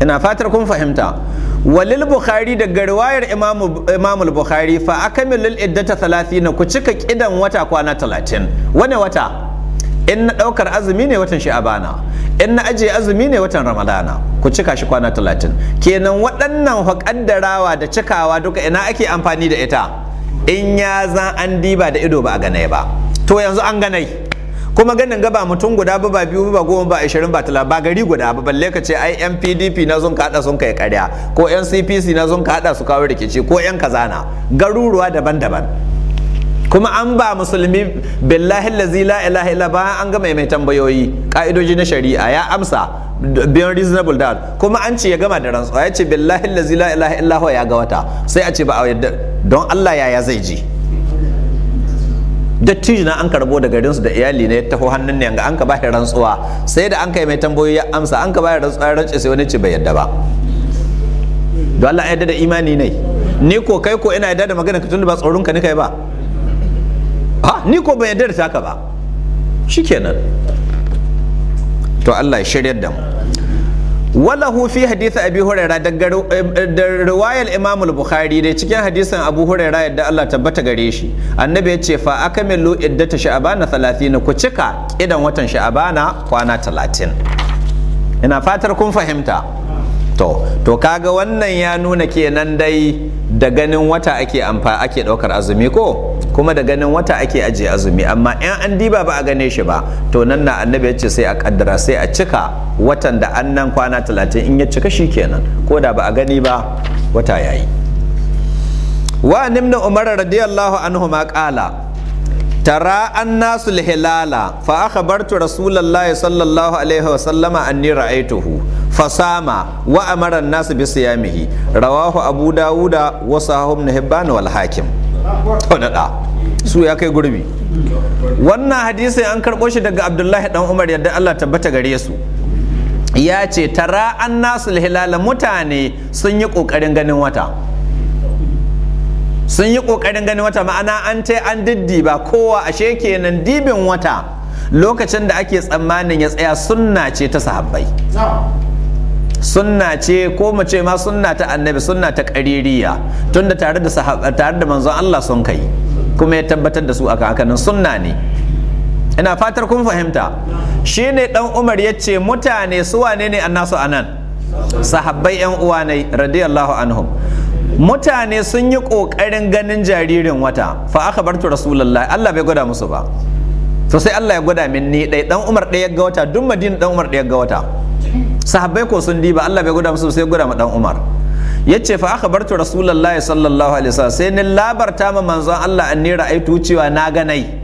Speaker 1: ina fatar kun fahimta walil bukhari da Garwayar imamul bukhari fa aka milil iddata na ku cika kidan wata kwana talatin. wani wata in na ɗaukar azumi ne watan sha'abana in na ajiye azumi ne watan ramadana ku cika shi kwana talatin kenan waɗannan haƙaddarawa da cikawa duka ina ake amfani da ita in ya zan an diba da ido ba a ganai ba to yanzu an ganai kuma ganin ga ba mutum guda ba ba biyu ba goma ba ashirin ba tala ba gari guda ba balle ka ce ai yan pdp na sun kaɗa sun kai karya ko yan cpc na sun kaɗa su kawo rikici ko yan kazana garuruwa daban-daban kuma an ba musulmi billahi lazi la ilaha illa bayan an gama mai tambayoyi ka'idoji na shari'a ya amsa beyond reasonable doubt kuma an ce ya gama da rantsuwa ya ce billahi lazi la ilaha illa ya ga wata sai a ce ba a yadda don Allah yaya zai ji dattijo na an karbo da su da iyali ne ya taho hannun ne ga an ka bashi rantsuwa sai da an kai mai tambayoyi ya amsa an ka bashi rantsuwa ya rance sai wani ce bai yadda ba don Allah ya da imani ne ni ko kai ko ina yadda da magana ka tunda ba tsoron ka ni kai ba ha ni ko bai yadda da taka ba shikenan to Allah ya shiryar da mu walahu fi hadisi abi huraira eh, eh, da riwayar imam bukhari da cikin hadisin abu huraira yadda Allah tabbata gare shi annabi ya ce fa akamilu iddata sha'abana 30 ku cika idan watan sha'abana kwana talatin. ina fatar kun fahimta to to kaga wannan ya nuna kenan dai da ganin wata ake amfa ake ɗaukar azumi ko kuma da ganin wata ake ajiye azumi amma in an diba ba a gane shi ba to nan na annabi ya ce sai a kaddara sai a cika watan da annan kwana talatin in ya cika shi kenan ko da ba a gani ba wata yayi wa nimna umar radiyallahu anhu ma qala tara annasu hilala fa akhbartu rasulullahi sallallahu alaihi wa sallama anni ra'aituhu fasama wa amara an-nas rawahu abu dauda wa sahih ibn hibban oh, ya kai gurbi wannan hadisi an karɓo shi daga abdullahi Ɗan umar yadda allah tabbata gare su ya ce tara an nasu hilala mutane sun yi ƙoƙarin ganin wata sun yi ƙoƙarin ganin wata ma'ana an tai an diddi ba kowa ashe kenan dibin wata lokacin da ake tsammanin ya tsaya sunna ce ta sahabbai sunna ce ko mu ce ma sunna ta annabi sunna ta ƙaririya tunda tare da tare da manzon Allah sun kai kuma ya tabbatar da su akan hakanan sunna ne ina fatar kun fahimta shine dan Umar ya ce mutane su wane ne annasu anan sahabbai yan uwa ne radiyallahu anhum mutane sun yi ƙoƙarin ganin jaririn wata fa aka bar rasulullahi Allah bai gwada musu ba to sai Allah ya gwada min ni dai Dan Umar ɗaya ga wata duk Madina Dan Umar ɗaya ga wata sahabbai ko sun diba Allah bai gwada musu sai gwada ma Dan Umar yace fa aka bar rasulullahi sallallahu alaihi wasallam sai ni labarta ma manzon Allah anni ra'aitu cewa na ganai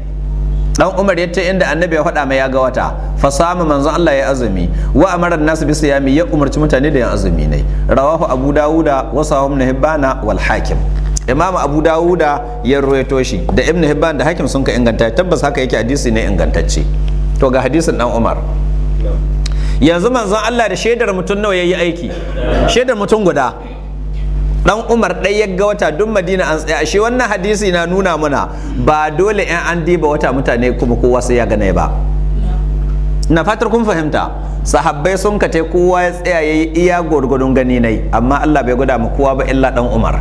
Speaker 1: dan umar yace inda annabi ya faɗa mai ya ga wata fa samu manzon Allah ya azumi wa amara nasu bi siyami ya umarci mutane da yin azumi ne rawahu abu dawuda wa sahum ibn wal hakim imam abu dawuda ya ruwaito shi da ibn hibban da hakim sun ka inganta tabbas haka yake hadisi ne ingantacce to ga hadisin dan umar yanzu manzon Allah da shaidar mutum nawa yayi aiki shaidar mutum guda dan umar dai ya ga wata duk madina an tsaya shi wannan hadisi na nuna muna ba dole yan an diba wata mutane kuma kowa sai ya gane ba na fatar kun fahimta sahabbai sun kate kowa ya tsaya yayi iya gwargwadon gani nai amma Allah bai gwada mu kowa ba illa dan umar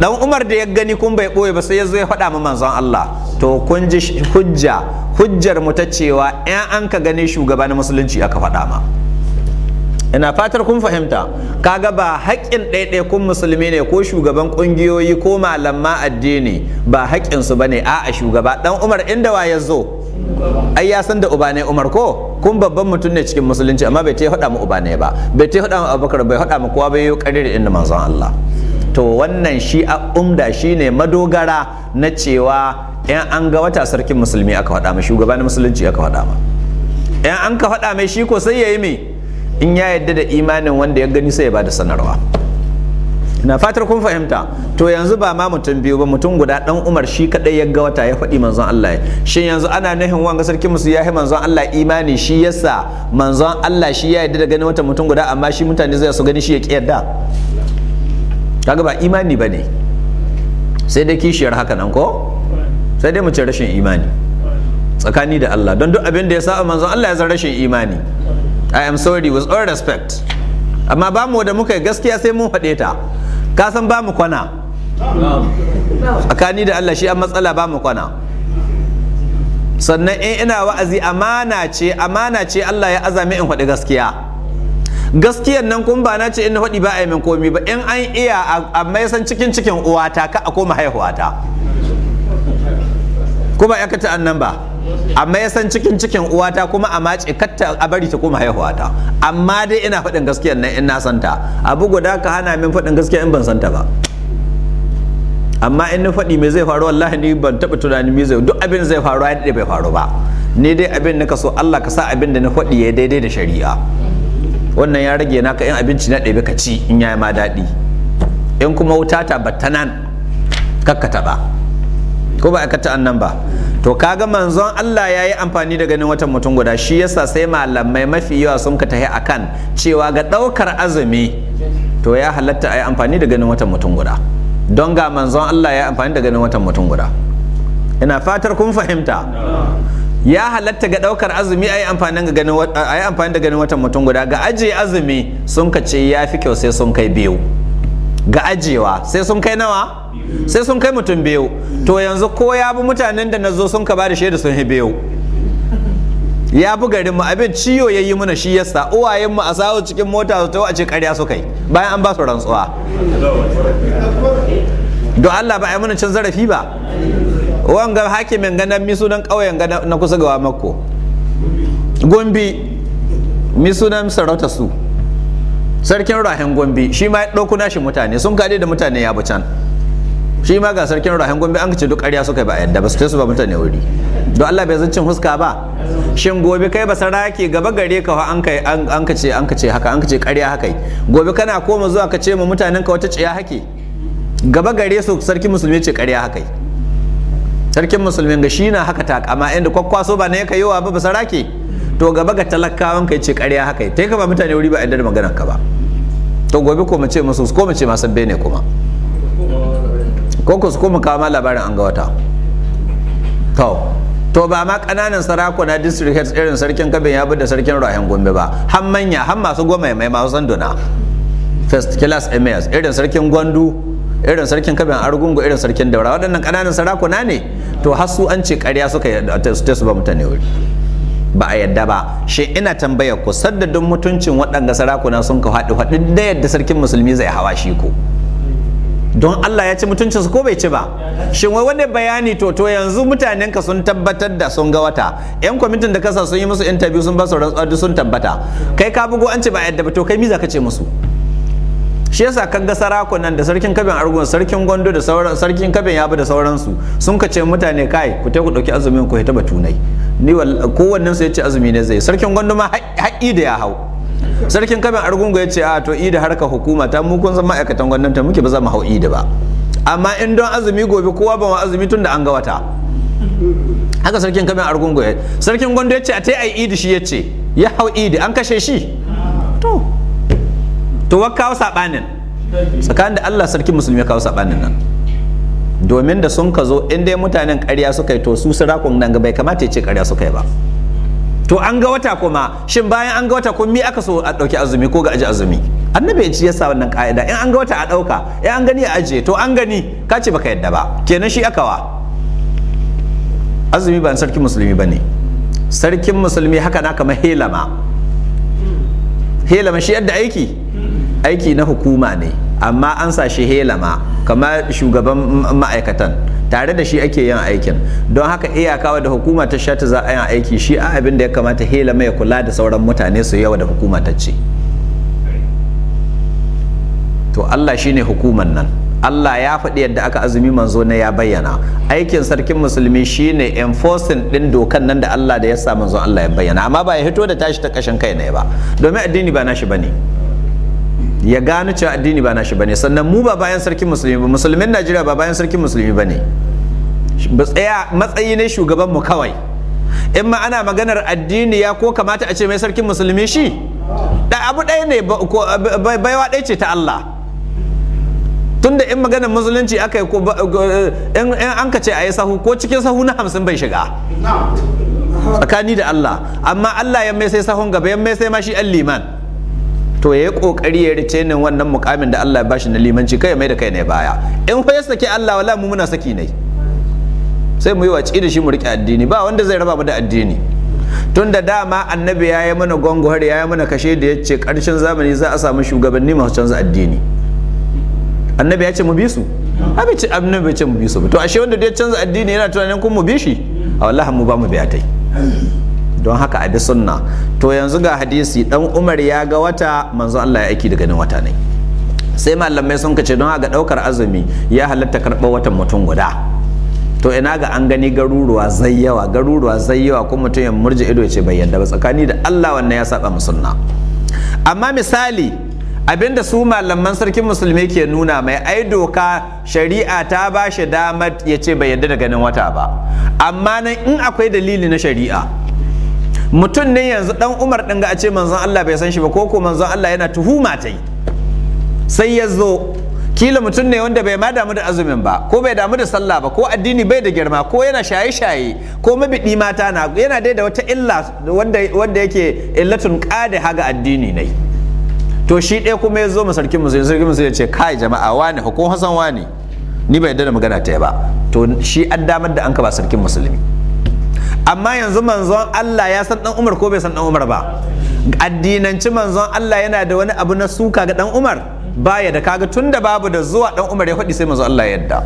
Speaker 1: dan umar da ya gani kun bai boye ba sai ya zo ya faɗa ma manzon Allah to kun ji hujja hujjar mu ta cewa 'yan an ka gane shugaba na musulunci aka faɗa ma ina fatar kun fahimta kaga ba haƙƙin ɗaiɗaikun musulmi ne ko shugaban ƙungiyoyi ko malamma addini ba haƙƙin su bane a'a shugaba dan umar inda wa ya zo ai ya san da uba ne umar ko kun babban mutum ne cikin musulunci amma bai ta haɗa mu uba ne ba bai ta haɗa mu abubakar bai haɗa mu kowa bai yi da inda manzon Allah to wannan shi a umda shi ne madogara na cewa yan an ga wata sarkin musulmi aka faɗa mai na musulunci aka faɗa ma yan an ka faɗa mai shi ko sai yayi mai in ya yadda da imanin wanda ya gani sai ya bada sanarwa na fatar kun fahimta to yanzu ba ma mutum biyu ba mutum guda dan umar shi kadai ya ga wata ya faɗi manzon Allah shin yanzu ana nahin wanga sarki musu ya manzon Allah imani shi yasa manzon Allah shi ya yadda da ganin wata mutum guda amma shi mutane zai su gani shi ya ki yadda kaga ba imani bane sai dai kishiyar haka nan ko sai dai mu rashin imani tsakani da Allah don duk abin da ya sa manzon Allah ya zan rashin imani i am sorry with all respect amma ba mu da muka yi gaskiya sai mun faɗe ta ka san ba mu kwana tsakani da Allah shi an matsala ba mu kwana sannan in ina wa'azi amana ce amana ce Allah ya azami in faɗi gaskiya gaskiyan nan kun ba na ce in na faɗi ba a yi min komi ba in an iya a maisan cikin cikin uwata ka a koma haihuwata kuma ya kata annan ba amma ya san cikin cikin uwata kuma a mace katta a bari ta koma ta. amma dai ina faɗin gaskiya nan in na santa abu guda ka hana min faɗin gaskiya in ban santa ba amma in na faɗi me zai faru wallahi ni ban taɓa tunanin me zai duk abin zai faru ya bai faru ba ni dai abin na so Allah ka sa abin da na faɗi ya daidai da shari'a wannan ya rage naka in abinci na ɗebe ka ci in ya ma daɗi in kuma wuta ta battanan kakkata ba ko ba a kata annan ba to kaga manzon Allah ya yi amfani da ganin watan mutum guda shi yasa sai malamai mafi yawa sun ka tahi a kan cewa ga ɗaukar azumi to ya halatta a yi amfani da ganin watan mutum guda don ga manzon Allah ya yi amfani da ganin watan mutum guda ina fatar kun fahimta ya halatta ga ɗaukar azumi a yi amfani da ganin watan mutum guda ga ajiye azumi sun ka ce ya fi kyau sai sun kai biyu ga ajiyewa sai sun kai nawa sai sun kai mutum biyu to yanzu ko ya bi mutanen da na zo sun ka ba da shaida sun biyu ya bi garin mu abin ciyo ya yi mana shi sa uwayen mu a sawo cikin mota su tawo a ce karya su kai, bayan an ba su rantsuwa don Allah ba a yi mana cin zarafi ba wanga hakimin ganan mi sunan ƙauyen na kusa gawa makko gombe mi sunan sarauta su sarkin rahin gombe shi ma ya ɗauko nashi mutane sun kaɗe da mutane ya bi can shi ma ga sarkin rahen gombe an ce duk ƙarya suka ba yanda ba su ce su ba mutane wuri don Allah bai zancin huska ba shin gobe kai ba saraki gaba gare ka an kai an kace ce an kace haka an ka ce ƙarya haka gobe kana koma zuwa ka ce ma mutanen ka wata ciya hake gaba gare su sarkin musulmi ce ƙarya haka sarkin musulmi ga shi na haka ta amma inda kwakwaso ba ne ka yi wa ba ba saraki to gaba ga talakawan kai ce ƙarya haka ta ka ba mutane wuri ba inda da maganar ka ba to gobe ko mu ce musu ko mu ce ma sabbe ne kuma ko ku su kuma kawo labarin an ga wata to to ba ma kananan sarakuna district heads irin sarkin kabin ya da sarkin rahen gombe ba har manya har masu goma mai masu sanduna first class emirs irin sarkin gwandu irin sarkin kabin argungu irin sarkin daura waɗannan kananan sarakuna ne to har su an ce ƙarya suka yi su ba mutane wuri ba a yadda ba shi ina tambayar ku don mutuncin waɗanga sarakuna sun ka haɗu haɗu da yadda sarkin musulmi zai hawa shi ko don Allah ya ci mutuncin su ko bai ci ba shin wai wani bayani to to yanzu mutanen ka sun tabbatar da sun ga wata yan kwamitin da kasa sun yi musu interview sun ba su rantsuwa sun tabbata kai ka bugo an ce ba yadda ba to kai miza ka ce musu shi yasa kan ga nan da sarkin kabin argon sarkin gondo da sauran sarkin kabin bi da sauransu sun ka ce mutane kai ku ta ku dauki azumin ku ta batunai ni kowannen su ya ce azumi ne zai sarkin gondo ma haƙi da ya hau sarkin kamin argungu ya ce a ah, to ida harka hukuma ta mu kun san ma'aikatan gwamnati muke ba za mu hau ida ba amma in don azumi gobe kowa ba wa azumi tun da an ga wata haka sarkin kamin argungu ya sarkin gwando ya ce a ta yi idi shi ya ce ya hau idi an kashe shi to to wa kawo sabanin tsakanin da Allah sarkin musulmi ya kawo sabanin nan domin da sun ka zo inda mutanen ƙarya suka yi to su sirakun nan ga bai kamata ya ce ƙarya suka yi ba to an ga wata kuma shin bayan an ga wata kuma mi aka so a ɗauki azumi ko ga aji azumi annabi ya ci yasa wannan ka'ida in an ga wata a ɗauka in an gani a ajiye to an gani ka ce baka yadda ba kenan shi aka azumi ba sarkin musulmi ba ne sarkin musulmi haka na kama helama helama shi yadda aiki aiki na hukuma ne amma an sa shi helama kamar shugaban ma'aikatan tare da shi ake yin aikin don haka iyakawa da hukuma ta shata za a yin aiki shi a abin da ya kamata helama ya kula da sauran mutane su yawa da hukuma ta ce to Allah shi ne hukuman nan Allah ya faɗi yadda aka azumi manzo na ya bayyana aikin sarkin musulmi shi ne enforcing ɗin dokan nan da Allah da ya sa manzo Allah ya bayyana amma ba ya hito da tashi ta kashin kai ne ba domin addini ba nashi bane ya gano cewa addini ba nashi bane sannan mu ba bayan sarkin musulmi ba musulmin najeriya ba bayan sarkin musulmi ba ne matsayi ne shugaban mu kawai in ma ana maganar addini ya ko kamata a ce mai sarkin musulmi shi da abu ɗaya ne baiwa ɗaya ce ta Allah tunda in maganar musulunci aka yi in an ka ce a yi sahu ko cikin sahu na hamsin bai shiga tsakani da Allah amma Allah ya mai sai sahun gaba ya mai sai ma shi an liman to ya yi kokari ya rice ni wannan mukamin da Allah ya bashi na limanci kai mai da kai ne baya in fa ya saki Allah wala mu muna saki ne sai mu yi waci da shi mu rike addini ba wanda zai raba mu da addini tun da dama annabi ya yi mana gwangwar ya yi mana kashe da ya ce ƙarshen zamani za a samu shugabanni masu canza addini annabi ya ce mu bi su abici annabi ce mu bi su to ashe wanda da ya canza addini yana tunanin kun mu bi shi a wallahi mu ba mu biya tai don haka abi sunna to yanzu ga hadisi dan umar ya ga wata manzo Allah ya aiki da ganin wata ne sai malamai sun kace don haka daukar azumi ya halatta karɓar watan mutum guda to ina ga an gani garuruwa zai yawa garuruwa zai yawa kuma mutum ya murji ido ya ce bai yadda ba tsakani da Allah wannan ya saba mu sunna amma misali abinda su malaman sarkin musulmi ke nuna mai ai doka shari'a ta ba shi damar ya ce bai yadda da ganin wata ba amma nan in akwai dalili na shari'a mutum ne yanzu dan umar din ga a ce manzon Allah bai san shi ba ko ko manzon Allah yana tuhuma ta yi sai ya zo kila mutum ne wanda bai ma damu da azumin ba ko bai damu da sallah ba ko addini bai da girma ko yana shaye-shaye ko mabiɗi mata na yana dai da wata illa wanda yake illatun ƙada haga addini ne to shi ɗaya kuma ya zo ma sarkin musu sarkin musu ya ce kai jama'a wani ko hasan wani ni bai da magana ta ba to shi an damar da an ka ba sarkin musulmi amma yanzu manzon Allah ya san dan Umar ko bai san dan Umar ba addinanci manzon Allah yana da wani abu na suka ga dan Umar baya da kaga tun da babu da zuwa dan Umar ya faɗi sai manzon Allah ya yadda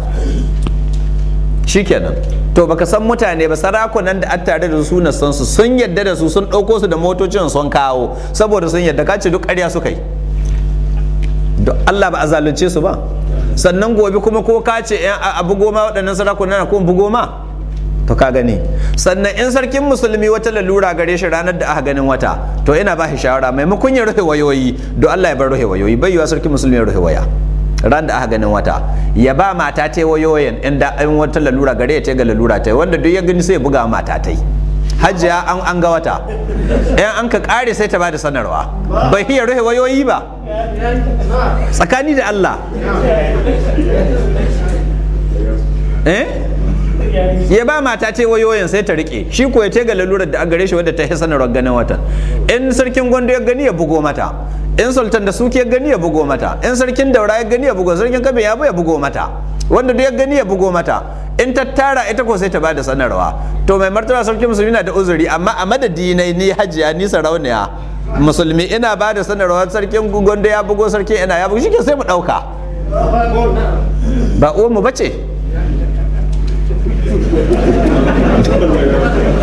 Speaker 1: shikenan to baka san mutane ba sarakunan da an tare da su na san su sun yadda da su sun ɗauko su da motocin sun kawo saboda sun yadda kace duk ƙarya suka yi Allah ba a zalunce su ba sannan gobe kuma ko kace yan abu goma waɗannan sarakunan ko bugo ma to ka gani sannan in sarkin musulmi wata lalura gare shi ranar da aka ganin wata to ina ba shi shawara maimakon ya rufe wayoyi do Allah ya bar rufe wayoyi bai yiwa sarkin musulmi ya rufe waya ran da aka ganin wata ya ba mata ta wayoyin in da an wata lalura gare ta ga lalura ta wanda duk ya gani sai ya buga mata ta Hajiya an an ga wata yan an ka kare sai ta ba da sanarwa bai iya rufe wayoyi ba tsakani da Allah eh ya ba mata ce wayoyin sai ta rike shi ko ya ce ga lalurar da gare shi wadda ta hisa na ganin wata in sarkin Gondo ya gani ya bugo mata in sultan da suke ya gani ya bugo mata in sarkin daura ya gani ya bugo sarkin kabe ya bu ya bugo mata wanda duk ya gani ya bugo mata in ta tara ita ko sai ta bada sanarwa to mai martaba sarkin musulmi na da uzuri amma a madadi na ni hajiya ni sarauniya musulmi ina bada sanarwa sarkin gondo ya bugo sarkin ina ya bugo shike sai mu dauka ba uwan mu bace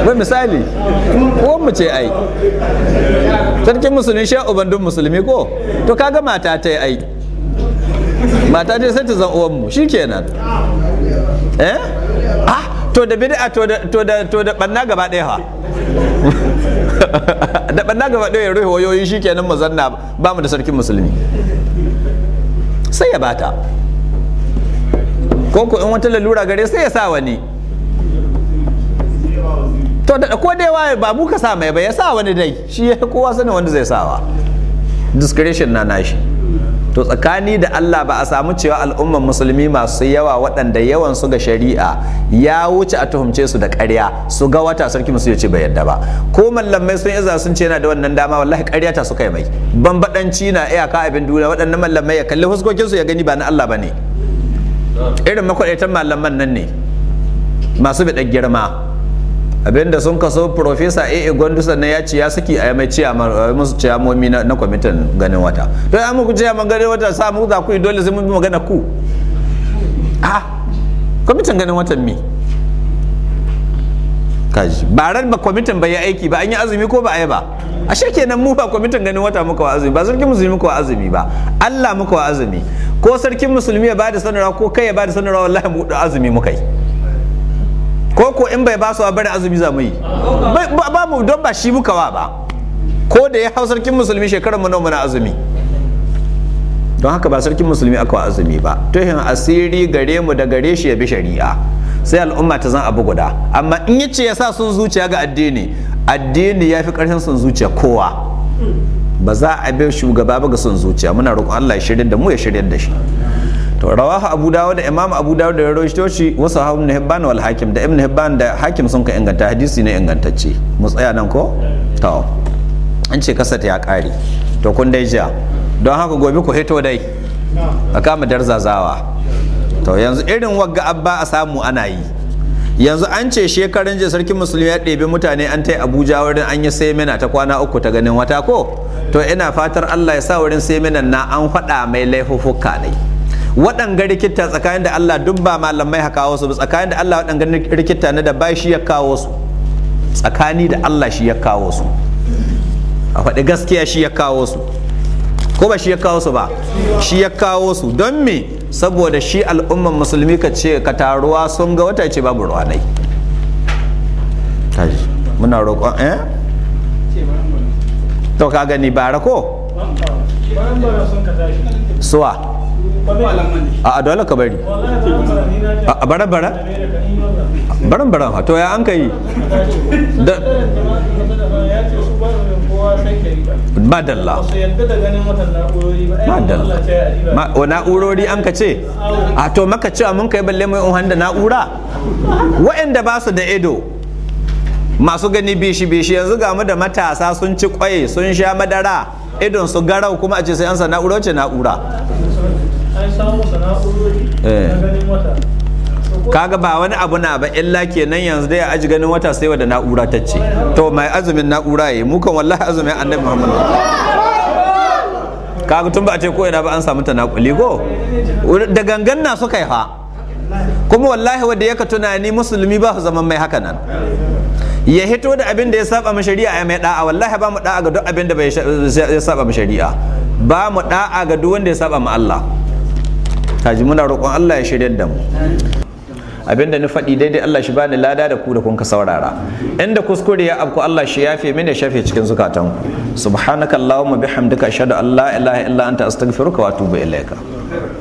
Speaker 1: bai misali uwan mu ce ai sarkin musulmi sha ubandun musulmi ko to kaga mata ta yi ai mata ta sai ta zan uwan mu shikenan eh ah to da bid'a to da to da to da banna gaba daya ha da banna gaba ɗaya ruhi wayoyi shikenan mu zanna ba mu da sarkin musulmi sai ya bata ko ko in wata lalura gare sai ya sa wani to da ko da waye ba mu ka sa mai ba ya sa wani dai shi ya kowa sanin wanda zai sawa discretion na nashi to tsakani da Allah ba a samu cewa al'umman musulmi masu yawa waɗanda yawan su ga shari'a ya wuce a tuhumce su da ƙarya su ga wata sarki musu ce bai yadda ba ko mallamai sun iza sun ce yana da wannan dama wallahi ƙarya ta suka yi mai bambaɗanci na iyaka abin duniya waɗannan mallamai ya kalli huskokin su ya gani ba na Allah bane irin makwaɗaitan malaman nan ne masu da girma abinda sun kaso profesa a gwandu sannan ya ce ya saki a mai a musu ciyamomi na kwamitin ganin wata don ya muku ciyamar ganin wata sa mu za ku yi dole sai mun bi magana ku a kwamitin ganin watan mi kaji ba ran ba kwamitin ba ya aiki ba an yi azumi ko ba a yi ba ashe kenan mu ba kwamitin ganin wata muka wa azumi ba sarkin musulmi muka wa azumi ba Allah muka wa azumi ko sarkin musulmi ya bada sanarwa ko kai ya bada sanarwa wallahi mu azumi muka yi ko ko in bai ba su a bari azumi za mu yi ba mu don ba shi muka wa ba ko da ya hau sarkin musulmi shekarar mu na azumi don haka ba sarkin musulmi aka wa azumi ba tuhin asiri gare mu da gare shi ya bi shari'a sai al'umma ta zan abu guda amma in ya ce ya sa sun zuciya ga addini addini ya fi ƙarshen sun zuciya kowa ba za a bi shugaba ba ga sun zuciya muna roƙon Allah ya shirya da mu ya shirya da shi to Rawaha abu dawud da imam abu dawud da ya rawaito shi wa sahabu ibn hibban wal hakim da ibn hibban da hakim sun ka inganta hadisi ne ingantacce mu tsaya nan ko to an ce kasa ta ya kare to kun dai jiya don haka gobe ku hito dai a kama darzazawa to yanzu irin wagga abba a samu ana yi yanzu an ce shekaran jiya sarkin musulmi ya ɗebe mutane an ta abuja wurin an yi semina ta kwana uku ta ganin wata ko to ina fatar allah ya sa wurin seminan na an faɗa mai laifuffuka ne waɗanga rikita tsakanin da Allah duk ba malamai haka kawo su ba tsakanin da Allah waɗanga rikita na da bai shi ya kawo su tsakani da Allah shi ya kawo su a faɗi gaskiya shi ya kawo su ko ba shi ya kawo su ba shi ya kawo su don me saboda shi al'umman musulmi ka ce ka taruwa sun ga wata ce babu ruwanai muna roƙon eh to ka gani bara ko suwa a dole ka bari a bara bara bara baran ha to ya an kai da Ba madalla wa na'urori an ka ce a to maka cewa mun kai balle mai unhan da na'ura wa'anda ba su da ido masu gani bishi bishi yanzu ga mu da matasa sun ci kwai sun sha madara idon su garau kuma a ce sai an sa na'ura na'ura Eh. kaga ba wani abu na ba illa kenan yanzu dai a aji ganin wata sai wadda na'ura ta ce to mai azumin na'ura ya mukan wallahi azumin annabi muhammad kaga tun ba a ce ko ina ba an samu ta naƙuli ko da gangan na suka yi fa kuma wallahi wadda yaka tunani musulmi ba su zaman mai haka nan ya hito da abin da ya saba ma shari'a ya mai da'a wallahi ba mu da'a ga duk abin da ya saba ma shari'a ba mu da'a ga duk wanda ya saba ma Allah taji muna roƙon Allah ya shiryar da mu abin da ni faɗi daidai Allah shi bani lada da ku da kun ka saurara inda kuskure ya abku Allah shi ya fi mini shafe cikin zukatan ku subhanakallahumma bihamdika ashhadu an la ilaha illa anta astaghfiruka wa atubu ilaika